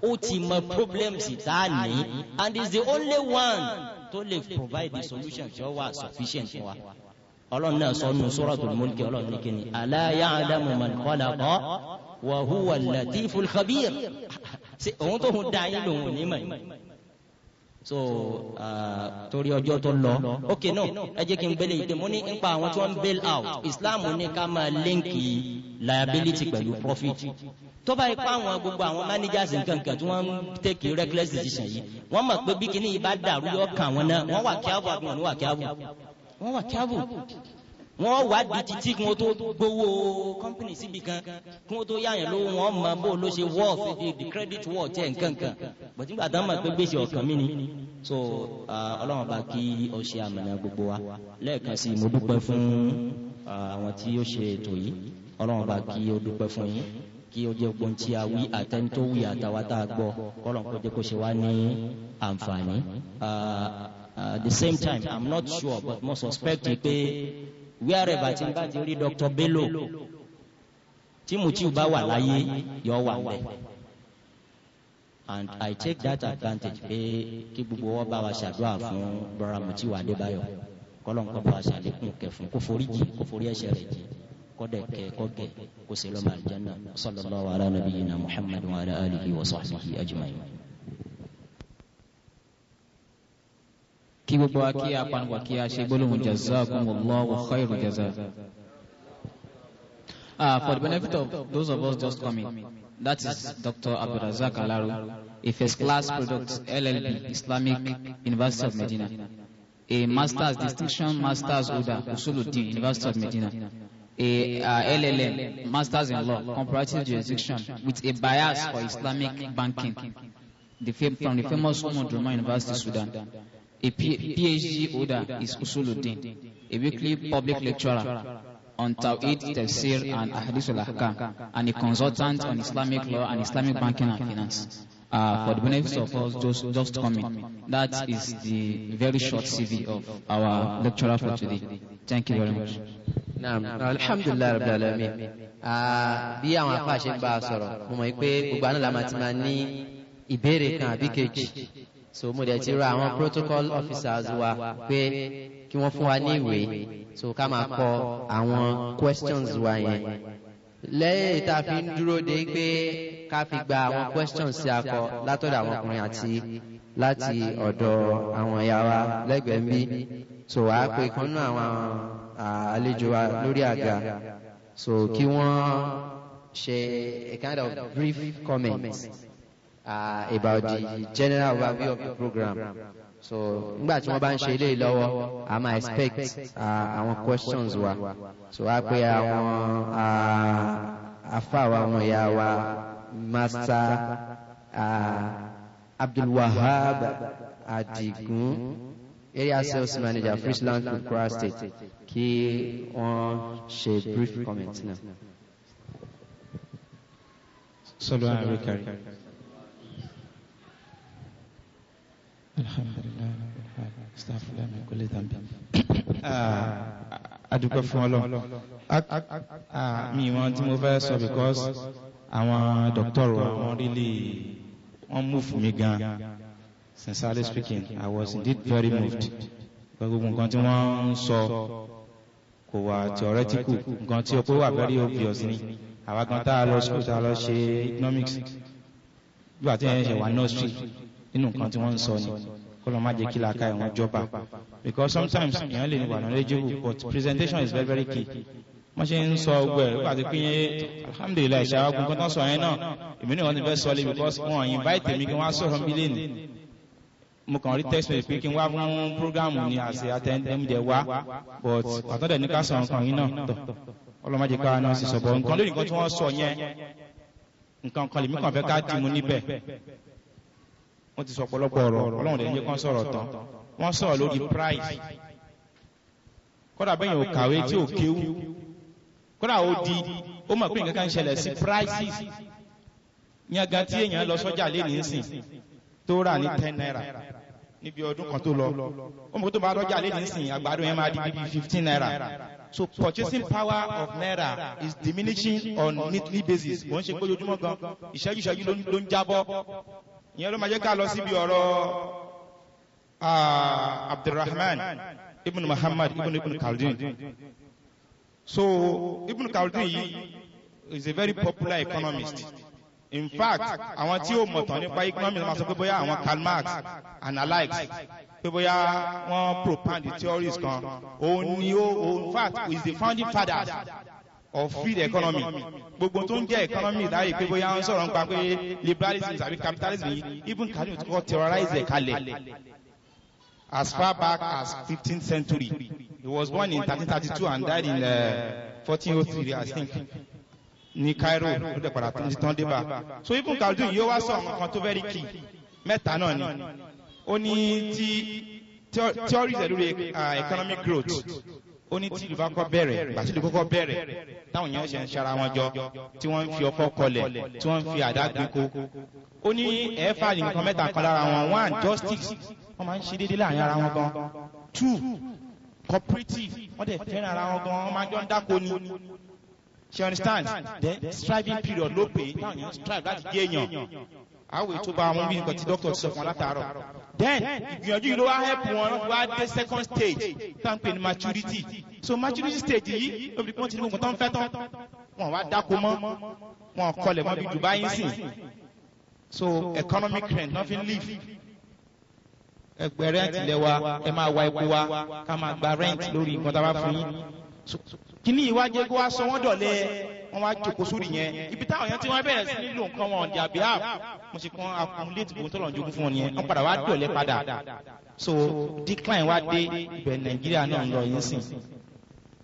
ó ti mọ problems tá a and is the only one tó lè provide the solution tí ó wà sufficient fún wa ọlọ́run náà sọ nù suratul mulki ọlọ́run ní kíni ala ya'lamu man khalaqa wa huwa al-latiful khabir òun tó hun dáa lòun ní mọ̀ so torí ọjọ́ tó lọ ok no ẹ jẹ́ kí n gbélé ìdè mo ní nípa àwọn tí wọ́n ń bail out Islam ní ká máa líǹkì liability pẹ̀lú profit tó bá ipá àwọn gbogbo àwọn managers nǹkan tí wọ́n ń tẹ̀kì reckless decision yìí wọ́n mọ̀ pé bí kinní bá dàrú yọ kàn náà wọ́n wà kí á bù àbí wọ́n wà kí á wọ́n wà kí á wọ́n wá di titi kí wọ́n tó gbowó kọ́mpìnì síbi kan kí wọ́n tó yáyàn lówó wọ́n mọ bó ló ṣe wọ́ the credit wọ́ jẹ́ nkankan bọ̀tí gbàdá mọ̀ pé gbèsè ọ̀kan mi ni so ọlọ́run bá kí ọ ṣe àmàlà gbogbo wa lẹ́ẹ̀kan sí mo dúpẹ́ fún àwọn tí ó ṣe ètò yìí ọlọ́run bá kí ó dúpẹ́ fún yín kí ó jẹ́ gbọ́n tí a wí àtẹ́ntówì àtàwátà gbọ́ kọ́lọ́n kó jẹ́ kó ṣe wá ní àǹfààní at the same time I'm not sure but mo suspect pé ìwé ààrẹ bàtí bá ti rí Dr. Bello tí Mutiu bá wà láyé yọ wà bẹ and I take that advantage pé kí gbogbo wọn bá wa ṣàdúrà fún bọ́ra Mutiu Adébáyọ̀ kọ́lọ́n kọ́ bá wa ṣàlékún kẹfún kó forí jì kó forí ẹ̀ṣẹ̀ rẹ̀ jì kọ́dẹ̀ kẹ kọ́gẹ̀ kó ṣe lọ́mọ àlùjánnà sallallahu ala nabiyyina Muhammadin wa ala alihi wa sahbihi ajma'in. kí gbogbo wa kí apanupọ̀ kí a ṣe gbólóhùn jazakumullahu khairu jaza. Uh, for the benefit of those of us just coming, that is Dr. Abdulrazak Alaro, a first-class product, LLB, Islamic University of Medina, a master's distinction, master's holder, Usuluddin, University of Medina a uh, LLM, Masters in Law, Comparative Jurisdiction, with a bias for Islamic banking, the from the famous Umm University, Sudan a PhD holder is Usuluddin, a weekly public lecturer on Tawhid, Tafsir, and Ahadith al-Ahkam, and a consultant on Islamic law and Islamic banking and finance. Uh, for the benefit of us just, just coming, that is the very short CV of our lecturer for today. Thank you very much. Nam alhamdulilayi rabil alamin uh, bí àwọn afa ṣe ń bá a sọ̀rọ̀ mo mọ̀ pé gbogbo àná la ma ti ma ní ìbéèrè kan àbí kejì so mo dẹ̀ ti rọ àwọn protocol officers wa pé kí wọ́n fún wa ní ìwé so ká máa kọ àwọn questions wa yẹn lẹ́yìn tá a fi ń dúró de pé ká fi gba àwọn questions sí akọ látọ̀dọ̀ àwọn ọkùnrin àti láti ọ̀dọ̀ àwọn ìyá wa lẹ́gbẹ̀ẹ́ mi so wàá pe kan nínú àwọn àlejò wa lórí àga so kí wọ́n ṣe a kind of brief comment. comment uh, about the general overview of the program. So nígbà tí wọ́n bá ń ṣe eléyìí lọ́wọ́, a máa expect uh, àwọn questions wa. So a pe àwọn afáwa uh, àwọn ìyá wa, Master uh, Wahab, Adigun, Area Sales Manager, Friesland Kwara State, kí wọ́n ṣe brief comment náà. Sọ́dọ̀ àríkàrí. alhamdulilayi sitafula mi kò lè tàn bí. a dúpẹ́ fún Ọlọ́run mi wọn tí mo fẹ́ sọ because àwọn dọ́kítọ̀rù àwọn rílì wọ́n múfù mí gan sincerely speaking I was indeed very moved gbogbo nǹkan tí wọ́n ń sọ kò wà theoretical nǹkan tí ó pé wà very obvious ni àwa gan tá a lọ school tá a lọ ṣe economics nígbà tí ẹ̀ ń ṣe wà nursery nínú nǹkan tí wọ́n ń sọ ni kọlọ má jẹ́ kí làákà ẹ̀wọ̀n jọba because sometimes èèyàn lè wà knowledgeable but presentation is very very key wọ́n ṣe ń sọ ọgbẹ́ rẹ̀ pàtó pé alhamdulilayi ṣe àwọn kankan sọ yẹn náà èmi náà wọ́n ti fẹ́ sọ lé because wọ́n invite mi kí wọ́n á sọ̀rọ̀ bí lé ní mo kàn rí text message pé kí n wá fún program ní àṣẹ atẹ́ndẹ́mìdẹ́ wá but àtọ́dẹ̀ ní ká sọ̀rọ̀ kan yín náà tọ̀ ọlọ́mọdé ká náà sì sọ̀bọ̀ nǹkan lórí nǹkan tí wọ́n sọ yẹn nǹkan kan lèmi kàn fẹ́ ká dì mú níbẹ̀ wọ́n ti sọ ọ̀pọ̀lọpọ̀ ọ̀rọ̀ ọlọ́run lè jẹ́ kán sọ̀rọ̀ tán wọ́n sọ̀rọ̀ lórí price. kódà bẹ́yìn ò kàwé tí ò kéwú kódà ó di ó mọ̀ pé nǹkan kan ṣẹlẹ̀ sí prices yẹn gan tí èèyàn lọ sọ́jà lẹ́nu ìsìn tó rà ní ten naira níbi ọdún kan tó lọ ó mọ̀ pé tó bá lọ́jà lẹ́nu ìsìn àgbàdo yẹn máa di bíi fifteen naira so purchasing power of naira is diminishing on weekly basis wọ́n ṣe pé ojoojúmọ́ gan ìṣẹ́jú ìṣẹ́jú ló ń jábọ́ ìyẹn ló máa jẹ́ ká lọ síbi ọ̀rọ̀ abdulrahman ibn muhammad ibn ibn khaldun so ibn khaldun yìí is a very popular economist in fact àwọn tí ó mọ̀tàn nípa economics máa sọ pé bóyá àwọn karl marx and alike pé bóyá wọ́n propound the theories kan òun ni ó in fact is the founding fathers of free the economy gbogbo tó ń jẹ́ economy láàyè pé bóyá ń sọ̀rọ̀ nípa pé liberalism tàbí capitalism yìí even kanu tó kọ́ terrorize ẹ̀ kalẹ̀ as far back as fifteenth century he was born in thirteen thirty two and died in uh, fourteen oh three i think ní cairo ó dẹ̀ padà tó ń tán débà so even kaldu yìí ó wá sọ ọmọ tó very key mẹ́ta náà ni ó ní ti theories ẹ̀ lórí uh, economic growth ó ní tìlú bá kọ́ bẹ̀rẹ̀ gbàtìlú kọ́kọ́ bẹ̀rẹ̀ táwọn èèyàn ṣe ń ṣara wọn jọ tí wọ́n ń fi ọkọ́ kọlẹ̀ tí wọ́n ń fi àdá gbéko ó ní ẹ̀ẹ́fà ní nǹkan mẹ́ta kan lára wọn one justice wọ́n máa ń ṣe déédéé láàrin ara wọn gan two cooperative wọ́n dẹ̀ fẹ́ràn ara wọn gan wọ́n máa jọ ń dáko ni she understand then striving period ló pè é táwọn èèyàn strive láti gé èèyàn àwọn ètò bá wọn bí nǹkan tí dókítà sọ fún wọn látàárọ̀ then ìgbìyànjú yìí ló wá help wọn wá dé second stage tá n pè maturity so maturity stage yìí obìnrin kan ti ní gbogbo tán fẹ́ tán wọn wá dáko mọ́ wọn kọlẹ̀ mọ́ bí dubai sìn so economic rent nothing live ẹgbẹ́ rent lẹ wa ẹ máa wa epo wa ká máa gba rent lórí nǹkan tá a bá fún yín kíní ìwájú ẹgbẹ́ wa sọ wọ́n dọ̀lẹ́ ẹ wọ́n wá jókòó sórí yẹn ibi táwọn yẹn ti wọ́n bẹ̀rẹ̀ sí nílò nǹkan wọn ọ̀dì àbí àb mo sì kún akúnléètì gbogbo tọ́lọ̀ jogún fún wọn yẹn wọ́n padà wá dọ̀lẹ́ padà so decline wá dé ibẹ̀ nàìjíríà náà ń lọ yín sìn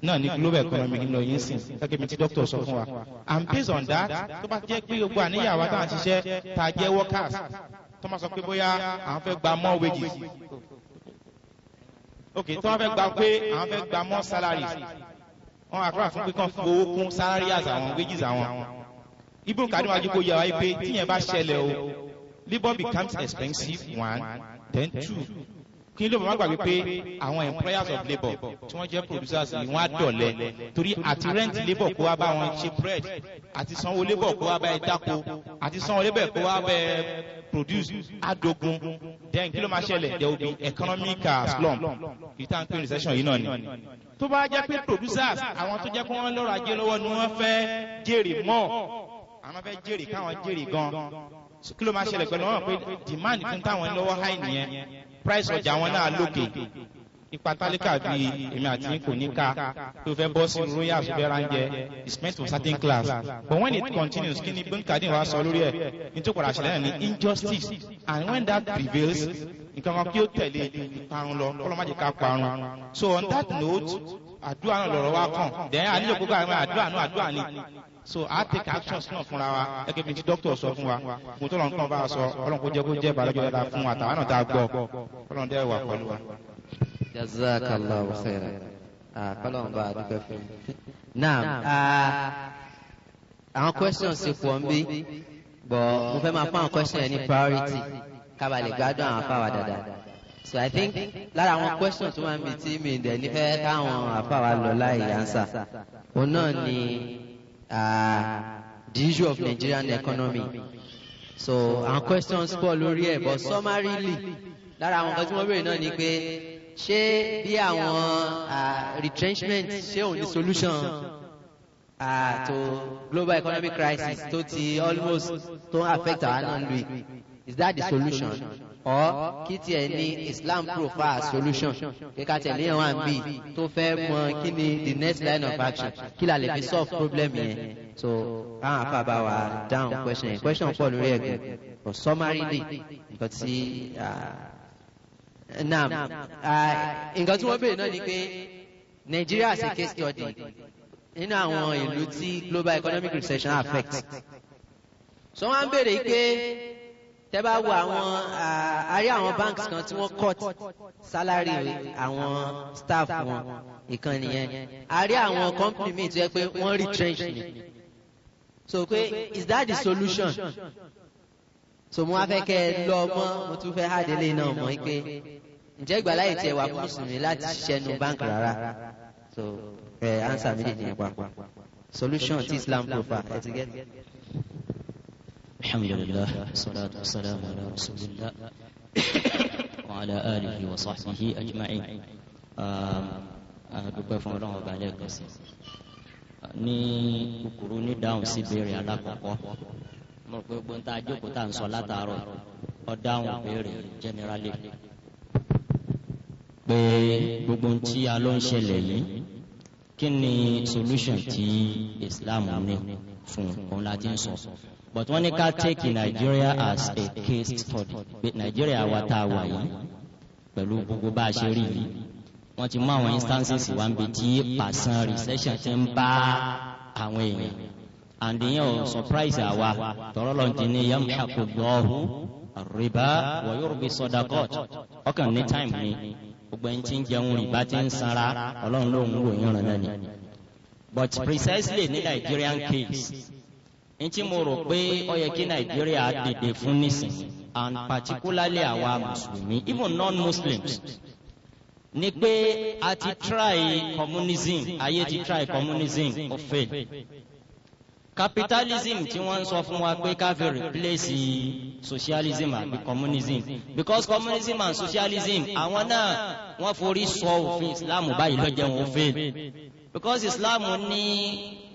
náà ní global economy ń lọ yín sìn gẹ́gẹ́ bí ti doctor sọ fún wa and based on that tó bá jẹ́ pé gbogbo àníyàwó táwọn ṣiṣẹ́ tá a jẹ́ workers tó máa sọ pé bóyá àwọn fẹ́ gba more wages ok tí wọ́n fẹ́ gba pé àwọn fẹ́ gba more salaries wọn àkọ́rà fún pé kàn fowó kún sálárì àtàwọn wages àwọn ibùn kàdé wájú kó yẹ wáyé pé tíyẹn bá ṣẹlẹ̀ o labour becomes expensive one then two kí ló máa gbàgbé pé àwọn employers of labour tí wọ́n jẹ́ producers ni wọ́n á dọ̀lẹ́ torí àti rent labour kó wá bá wọn ṣe bread àti sanwó labour kó wá bá ẹ dáko àti sanwó labour kó wá bá ẹ produce adogun then kí ló máa ṣẹlẹ̀ there will be economic uh, slump ìtàn pé recession yìí náà ni tó bá jẹ́ pé producers àwọn tó jẹ́ pé wọ́n lọ́rọ̀ ajé lọ́wọ́ ni wọ́n fẹ́ jèrè mọ́ àwọn fẹ́ jèrè káwọn jèrè gan kí ló máa ṣẹlẹ̀ pẹ̀lú wọn pé demand fún táwọn lọ́wọ́ high nìyẹn price ọjà wọn náà lókè ipa bíi èmi àti yín ní ká tó fẹ́ bọ́ sí royal superanjẹ is meant for certain class but when it continues kí ni bínkàdín wa sọ lórí ẹ̀ nítorí padà ṣẹlẹ̀ ni injustice and when that prevails nǹkan kan kí ó tẹ̀lé ìparun lọ kọ́lọ́májì ká parun so on that note àdúrà náà lọ̀rọ̀ wa kàn dẹ́yìn àníyàn gbogbo àwọn àdúrà náà àdúrà ni so a take actions náà fúnra wa gẹ́gẹ́ bí dókítà sọ fún wa gbogbo tọ́lọ̀ nǹkan bá a sọ ọlọ́run kó jẹ́ kó jẹ́ bàlọ́jọ́ dáadáa fún wa tàwọn náà tá a gbọ́ ọlọ́run dẹ́ wà pẹ̀lú wa. jazakallahu khairan kọ́lọ́run bá a dúpẹ́ fún mi. naam àwọn questions ti pọ̀ ń bí bọ̀ mo fẹ́ máa fún àwọn questions yẹn ní priority kábàlẹ̀ gbádùn àwọn afáwà dáadáa so i think lára àwọn question tó máa ń bi tí mi dẹ̀ nífẹ̀ẹ́ káwọn àfàwà lọ láì yánsà òun náà ni the issue of Nigerian economy so àwọn questions pọ̀ lórí ẹ̀ but summarily lára àwọn kan tí wọ́n béèrè náà ni pé ṣé bí àwọn retrenchment ṣé òun ni solution uh, to global economic crisis tó ti almost tó affect our non is that the solution? solution? ọ kí tiẹ̀ ní Islam profile solution kíkà tẹ̀lé yẹn wà ń bì tó fẹ́ mọ kí ni the next line of action kí la lè fi solve problem yẹn so káwọn afa bá wa down question yẹn question pọ̀ lórí ẹ̀gbọ́n for summary day nǹkan tí ah, naam ah, nǹkan tí wọ́n béèrè náà ni pé Nigeria is a case study nínú àwọn ìlú tí global economic recession affect so wọ́n á béèrè pé tẹ́ wo àwọn àárí àwọn banks kan tí wọ́n cut salary àwọn staff wọn ìkan nìyẹn àárí àwọn company míì tó yẹ pé wọ́n retrench ni so pé is that the solution so mo wá fẹ́ kẹ́ ẹ lọ mọ́ mo tún fẹ́ hàdélé náà mọ́ pé ǹjẹ́ ìgbàláyè tiẹ̀ wà fún mùsùlùmí láti ṣiṣẹ́ nu báńkì rárá so answer méjèèjì yẹn papọ̀ solution ti Islam profile ẹ̀ ti gẹ́gẹ́. الحمد لله والصلاة والسلام على رسول الله وعلى آله وصحبه أجمعين adúpẹ́ fún ọlọ́run ọba lẹ́ẹ̀kan sí ní kúkúrú ní dáhùn sí béèrè alákọ̀ọ́kọ́ mo rò pé gbóńtà ajókòó tá à ń sọ látàárọ̀ ọ dáhùn béèrè generally pé gbogbo tí a ló ń ṣẹlẹ̀ yìí kí ni solution tí Islam ní fún òun láti ń sọ but wọ́n ní ká take Nigeria as a case study pé Nigeria wa tá a wà yìí pẹ̀lú gbogbo bá a ṣe rí yìí wọ́n ti mú àwọn instances wa ń bi tí pàṣán recession ti ń bá àwọn èèyàn àǹdíyàn ò surprise àwa tọrọ lọ ti ní yẹn kò gbọ́ọ̀hún rìbá wa yurbi sadaqat ọkàn ní time ni gbogbo ẹni tí ń jẹun rìbá ti ń sanra ọlọ́run ló ń wò yín ràn náà ni but precisely ní Nigerian case ntí mo rò pé ó yẹ kí nàìjíríà dìde fún nísìn and particularly àwa mùsùlùmí even non-muslims ni pé a ti try communism ayé ti try communism ó fail capitalism tí wọ́n ń sọ fún wa pé ká fi replace socialism àbí communism because communism and socialism àwọn náà wọ́n forí sọ òfin islam báyìí lọ́jọ́ wọn ó fail because islam ní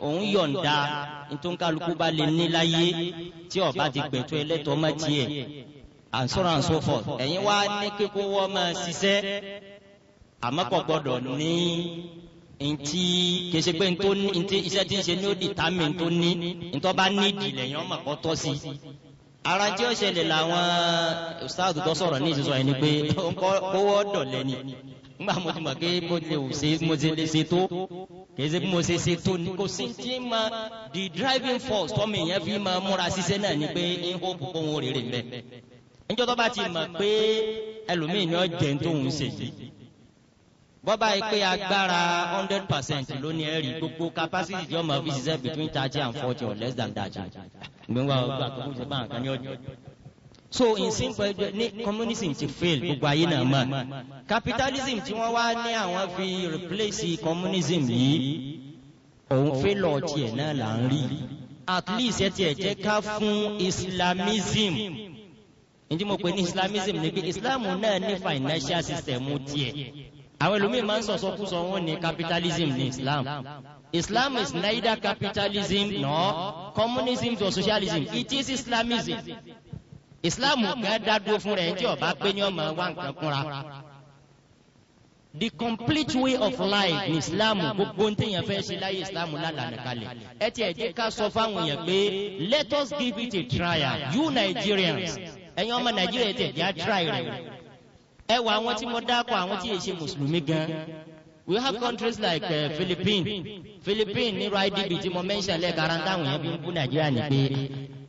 òun yọ̀ǹda ntòǹkàlùkù bá lè ní láyé tí ọba ti gbẹ̀tọ́ ẹlẹ́tọ́ má tiẹ̀ and so on and so forth ẹ̀yin wá ní kíkó wọ́n máa ṣiṣẹ́ àmọ́ kò gbọ́dọ̀ ní ntí kèsì pé ntó ní ntí iṣẹ́ tí ń ṣe ní ó di tàmí ntó ní ntọ́ bá ní ìdílé yẹn ọmọ kọ́ tọ́ sí ara tí ó ṣẹlẹ̀ làwọn ustaadu tó sọ̀rọ̀ ní ìsinsọ yẹn ni pé kówó dọ̀lẹ́ ni ńgbà mo ti mọ̀ pé mo lè ṣe mo ṣe lè ṣe tó kì í ṣe mo ṣe ṣe tó ni kò sí ti ma the driving force tọ́mi yẹn fi máa múra ṣiṣẹ́ náà ni pé ń hó kókó ń rèrè mbẹ. níjọ́ tó bá ti mọ̀ pé ẹlòmíì ni ó jẹ́ ń tóun ṣe yìí bọ́bá yìí pé agbára hundred percent lónìí ẹ̀rí gbogbo capacity tí ọmọ fi ṣiṣẹ́ between thirty and forty or less than that so in simple ní communism ti fail gbogbo ayé náà mọ̀ capitalism tí wọ́n wá ní àwọn fi replace communism yìí òun fẹ́lọ̀ tiẹ̀ náà là ń rí at least ẹ tiẹ̀ jẹ́ ká fún islamism ǹjẹ́ mo pè ní islamism ni pé islam náà ní financial system tiẹ̀ àwọn ẹlòmíín máa ń sọ̀sọ́kúsọ wọn ní capitalism ni islam. islam is neither capitalism nor communism nor socialism it is islamism. islamism ìsìláàmù gan dádúró fún rẹ̀ ẹ̀jẹ̀ ọba pé ní ọmọ wa nǹkan kúnra. the complete way of life ní ìsìláàmù gbogbo ń tẹ̀yàn fẹ́ ṣe láyé ìsìláàmù lálànà kalẹ̀ ẹ ti ẹ̀ jẹ́ ká sọ fáwọn èèyàn pé let us give it a try, you Nigerians ẹ̀yin ọmọ Nàìjíríà ti ẹ̀ jẹ́ á try rẹ̀ ẹ wọ àwọn tí mo dákọ̀ àwọn tí yẹ ṣe mùsùlùmí gan we have countries like Philippines uh, Philippines ní idb tí mo mention lẹ́ẹ̀kan ara táwọn yẹn fi ń bú Nàìjíríà ní pé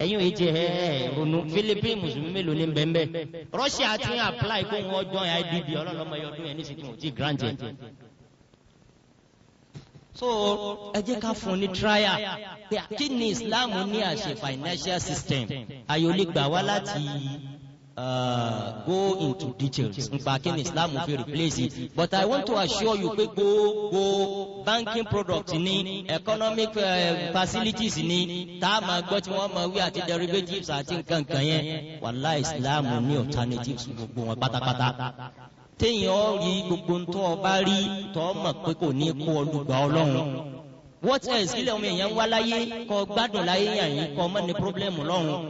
ẹ̀yin ò jẹ́ ronú Philippines mùsùlùmí mélòó ní bẹ́ẹ̀ Russia ti ń apply kó wọ́n jọ idb ọlọ́lọ́mọ yọdún yẹn ní sìkún ò tí grant yẹn. so ẹ jẹ́ ká fún ní trial kí ni Islam ní àṣẹ financial system ayọ̀lẹ́gbà wá láti go into details nípa kí ni Islam fi replace it but I want to assure you go go banking products ní economic eh, facilities ní tá a máa gbọ́ tí wọ́n máa wí derivatives àti nǹkan kan yẹn wàhálà Islam ní alternatives gbogbo wọn pátápátá téèyàn ó rí gbogbo tó o bá rí tó o mọ̀ pé kò ní kó olùgbà Ọlọ́run what else kílẹ̀ ọmọ èèyàn wá láyé kó gbádùn láyé yàn yín kó o mọ̀ problem lọ́run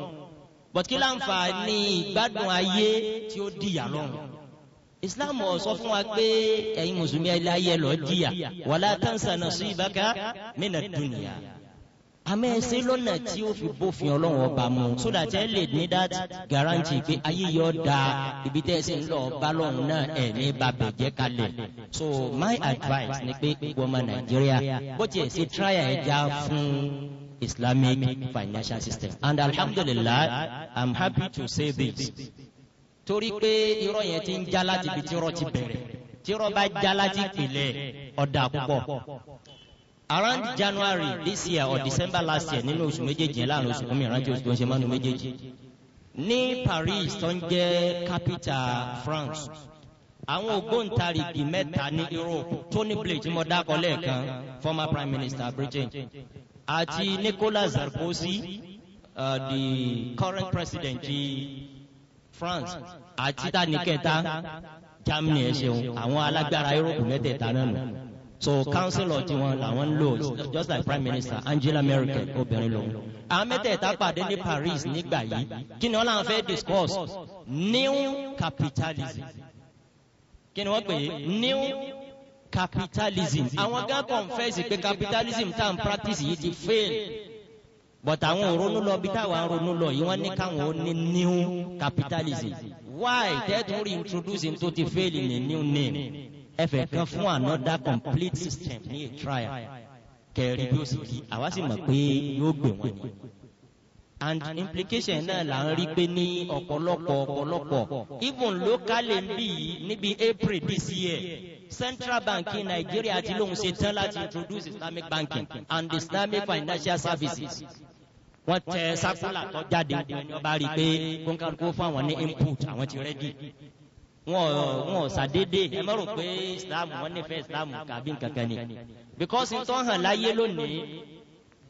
bọ̀tí láǹfààní ìgbádùn ayé tí ó dìyà lọ́rùn islam ó sọ fún wa pé ẹ̀yin mùsùlùmí ayé lọ jìyà wala tansa nasibaka mina dunya àmọ́ ẹ ṣe lọ́nà tí ó fi bófin ọlọ́run ọba mu so that ẹ lè ní that guarantee pé ayé yọ da ibi tẹ́ ẹ ń lọ bá náà ẹ̀ ní jẹ́ kalẹ̀ so my advice ni pé gbọmọ nàìjíríà bó tiẹ̀ ṣe try fún un. Islamic financial system and alhamdulillah I'm happy to say this torí pé irọ́ yẹn ti ń já láti ibi tí irọ́ ti bẹ̀rẹ̀ tí irọ́ bá já láti ìpìlẹ̀ ọ̀dà púpọ̀ around January this year or December last year nínú oṣù méjèèjì yẹn láàrin oṣù mìíràn tí oṣù tó ń ṣe mánu méjèèjì ní Paris tó ń jẹ́ capital France àwọn ògbóǹtarìgì mẹ́ta ní Europe Tony Blair tí mo dákọ lẹ́ẹ̀kan former prime minister Britain àti Nicolas Sarkozy uh, uh, the current president ti France àti tanikẹta Germany ẹ ṣeun àwọn alágbára Europe mẹ́tẹ̀ẹ̀ta náà so councilor tiwọn làwọn ń lò just like prime minister Angela Merkel obìnrin lòun àwọn mẹ́tẹ̀ẹ̀ta pàdé ní Paris nígbà yìí kí ni wọ́n làwọn fẹ́ discuss new capitalism kí ni wọ́n pè é new capitalism àwọn gan confess pé capitalism tá n practice yìí ti fail but àwọn òrónú lọ bí táwọn òrónú lọ yìí wọ́n ní káwọn ó ní new capitalism why tẹ́tù reintroduce tó ti fail ní new name ẹ̀fẹ̀ kan fún another complete system ní a trial kẹrin bí ó sì di àwa sì mọ̀ pé yóò gbé wọn ni and implication náà là ń rí pé ní ọ̀pọ̀lọpọ̀ ọ̀pọ̀lọpọ̀ even locally níbi april this year central bank in Nigeria ti lóun ṣe tán láti introduce islamic banking and islamic financial services wọ́n tẹ sákúlà tó jáde ní ọba rí i pé kónkálukó fún àwọn ní input àwọn ti rẹ́dì wọn ò wọn ò sàdédé ẹ má rò pé islam wọn nífẹ̀ẹ́ islam kàbí nkankan ni because nítorí hàn láyé lónìí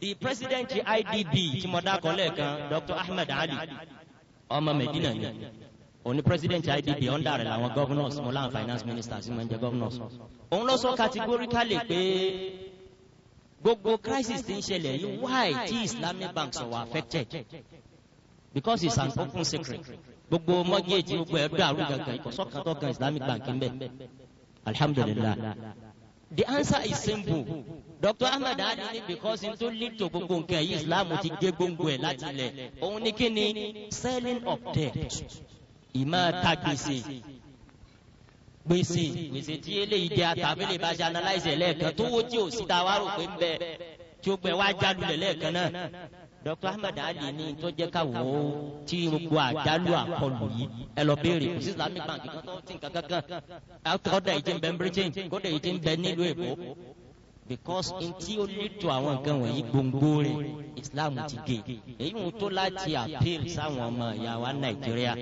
the president idb tí mo dákọ̀ lẹ́ẹ̀kan dr ahmed ali ọmọ medina ni òun ni president IDP under rẹ̀ làwọn governors mo láwọn finance ministers mo ń jẹ governors òun lọ sọ categorically pé gbogbo crisis tí ń ṣẹlẹ̀ yìí why tí Islamic banks were affected because it's an open secret gbogbo mortgage gbogbo ẹgbẹ́ àrùn gangan ìkọ̀sọ́kan tó kan Islamic bank ń bẹ̀ alhamdulillah the answer is simple Dr. Ahmed Adi ni because n tó lead to gbogbo nǹkan yìí Islam ti dé gbogbo ẹ̀ láti ilẹ̀ òun ni kí ni selling of debt ìmọ̀ ta gbèsè gbèsè gbèsè tí eléyìí jẹ́ àtàbílẹ̀ bá ṣe analyze lẹ́ẹ̀kan tó wó tí ò sí ta wá rò pé ń bẹ tí ó gbẹ wá jálulẹ̀ lẹ́ẹ̀kan náà Dr. Ahmed Ali ní tó jẹ́ ká wò ó tí gbogbo àjálù àkọlù yìí ẹ lọ béèrè kò sí Islamic bank kan tó ti nǹkan kankan kódà yìí ti ń bẹ ń Britain kódà yìí ń bẹ nílùú Èkó because ntí ó létò àwọn nǹkan wọ̀nyí gbòǹgbò rẹ̀ Islam ti gé èyí ń tó láti appeal sáwọn ọmọ ìyá wa Nàìjíríà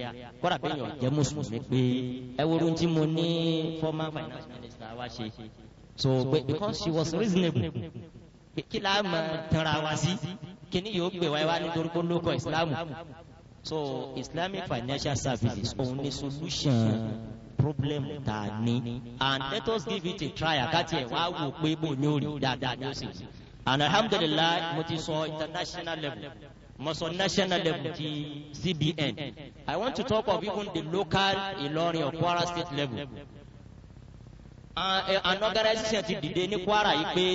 kọ́ra pé yàn jẹ́ mùsùlùmí pé ẹ wo ohun tí mo ní former finance minister wa ṣe so because she was reasonable kí la mọ tanra wa sí kí ni yóò gbé wa wá nítorí pé lóko Islam so Islamic financial services òun ni solution problem tá a and let us give it a try àkàtì ẹ̀ wá wò pé bò ní òrì dáadáa ní òsì and alhamdulilah mo ti sọ international level mo sọ national level ti cbn i want to talk of even the local ìlọrin or kwara state level uh, an organisation ti dìde ní kwara yìí pé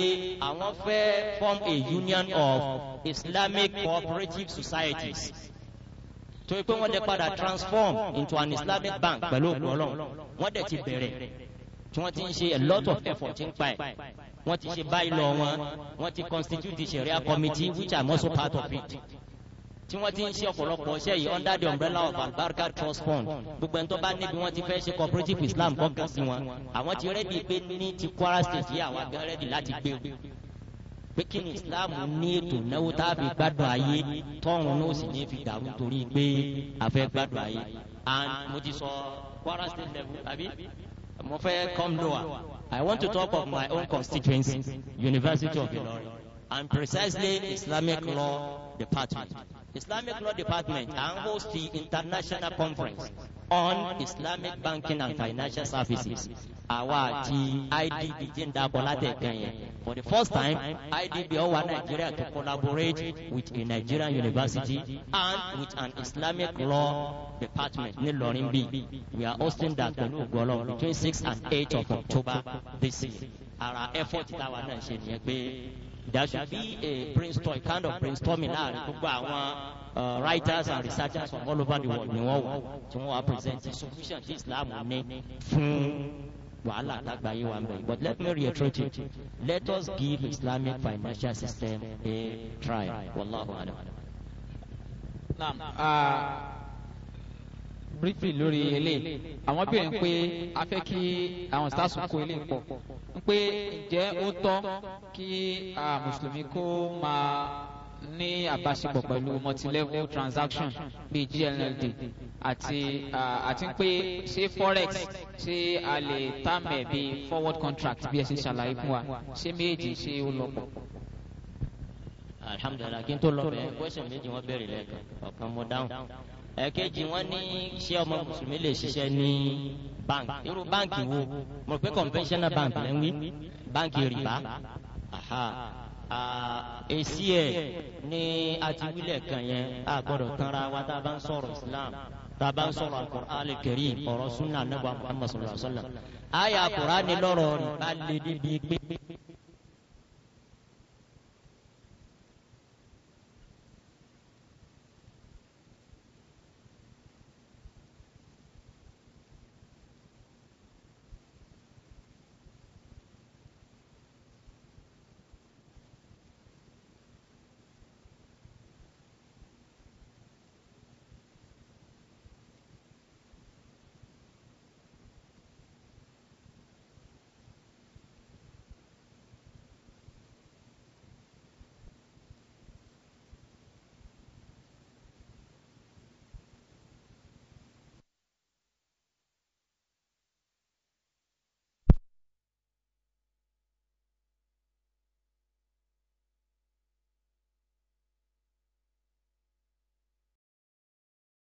àwọn fẹ́ form a union of islamic cooperative societies torí pé wọ́n dẹ̀ padà transform into an islamic bank pẹ̀lú ògùn ọlọ́run wọ́n dẹ̀ ti bẹ̀rẹ̀ tí wọ́n ti ń ṣe a lot of effort ń pa ẹ̀ wọ́n ti ṣe báyìí lọ wọn wọ́n ti constitute the sharia committee which i'm also part of it tí wọ́n ti ń ṣe ọ̀pọ̀lọpọ̀ ṣe yìí under the umbrella of albarka trust fund gbogbo ẹni tó bá níbi wọ́n ti fẹ́ ṣe cooperative islam kọ́kàn sí wọn àwọn ti rẹ́dí pé ní ti kwara state yìí àwọn gan rẹ́dí láti gbé pé kí ni islam ní ètò náwó tá a fi gbádùn ayé tọ́run náà sì ní fi dàrú torí pé a fẹ́ gbádùn ayé and mo ti sọ kwara state level àbí mo fẹ́ come lower i want to talk of my own constituency university of ilorin and precisely islamic law department islamic law department I host the international conference on islamic banking and financial services àwa àti idb ti ń dapò látẹ̀kẹ́ yẹn For the first time, IDB Owa Nigeria to collaborate with a Nigerian university and with an Islamic law department ní Lọrin B. We are hosting that pẹ̀lú ògbọ́lọ́ between six and eight of October this year. Ara effort táwa náà ṣe nìyẹn pé there should be a brainstorm kind of brainstorming láàrin gbogbo àwọn uh, writers and researchers from all over the world ni wọ́n wọ̀ tí wọ́n wá present solution tí Islam ní fún wàhálà àtàgbáyé wa mẹ́ but let me reiterate it let us give islamic financial system a try wallahu alam. briefly lórí eléyìí àwọn bèèrè pé a fẹ́ kí àwọn stars kó eléyìí pọ̀ pé ǹjẹ́ ó tọ́ kí mùsùlùmí kó máa ní àbáṣepọ̀ pẹ̀lú multilevel transaction bíi GLND àti àti pé ṣé forex ṣé a lè tàmẹ̀ bíi forward contract bí ẹ ṣe ṣàlàyé fún wa ṣé méjì ṣé ó lọ pọ̀. alhamdulilayi kí n tó lọ bẹ kwẹsàn méjì wọn bẹ̀rẹ̀ lẹ́ẹ̀kan ọ̀kan mo dáhùn ẹ̀kejì wọn ní ṣé ọmọ mùsùlùmí lè ṣiṣẹ́ ní bank irú bank wo mo rò conventional bank lẹ́ bank rìbá èsì ẹ̀ ní atiwílẹ̀ kan yẹn a gbọ́dọ̀ tanra wa tá a bá ń sọ̀rọ̀ islam tá a bá ń sọ̀rọ̀ alukur'an karim ọ̀rọ̀ sunna anabu muhammadu sallallahu alaihi wa sallam aya ni lọ́rọ̀ rẹ̀ bá lè débi pé.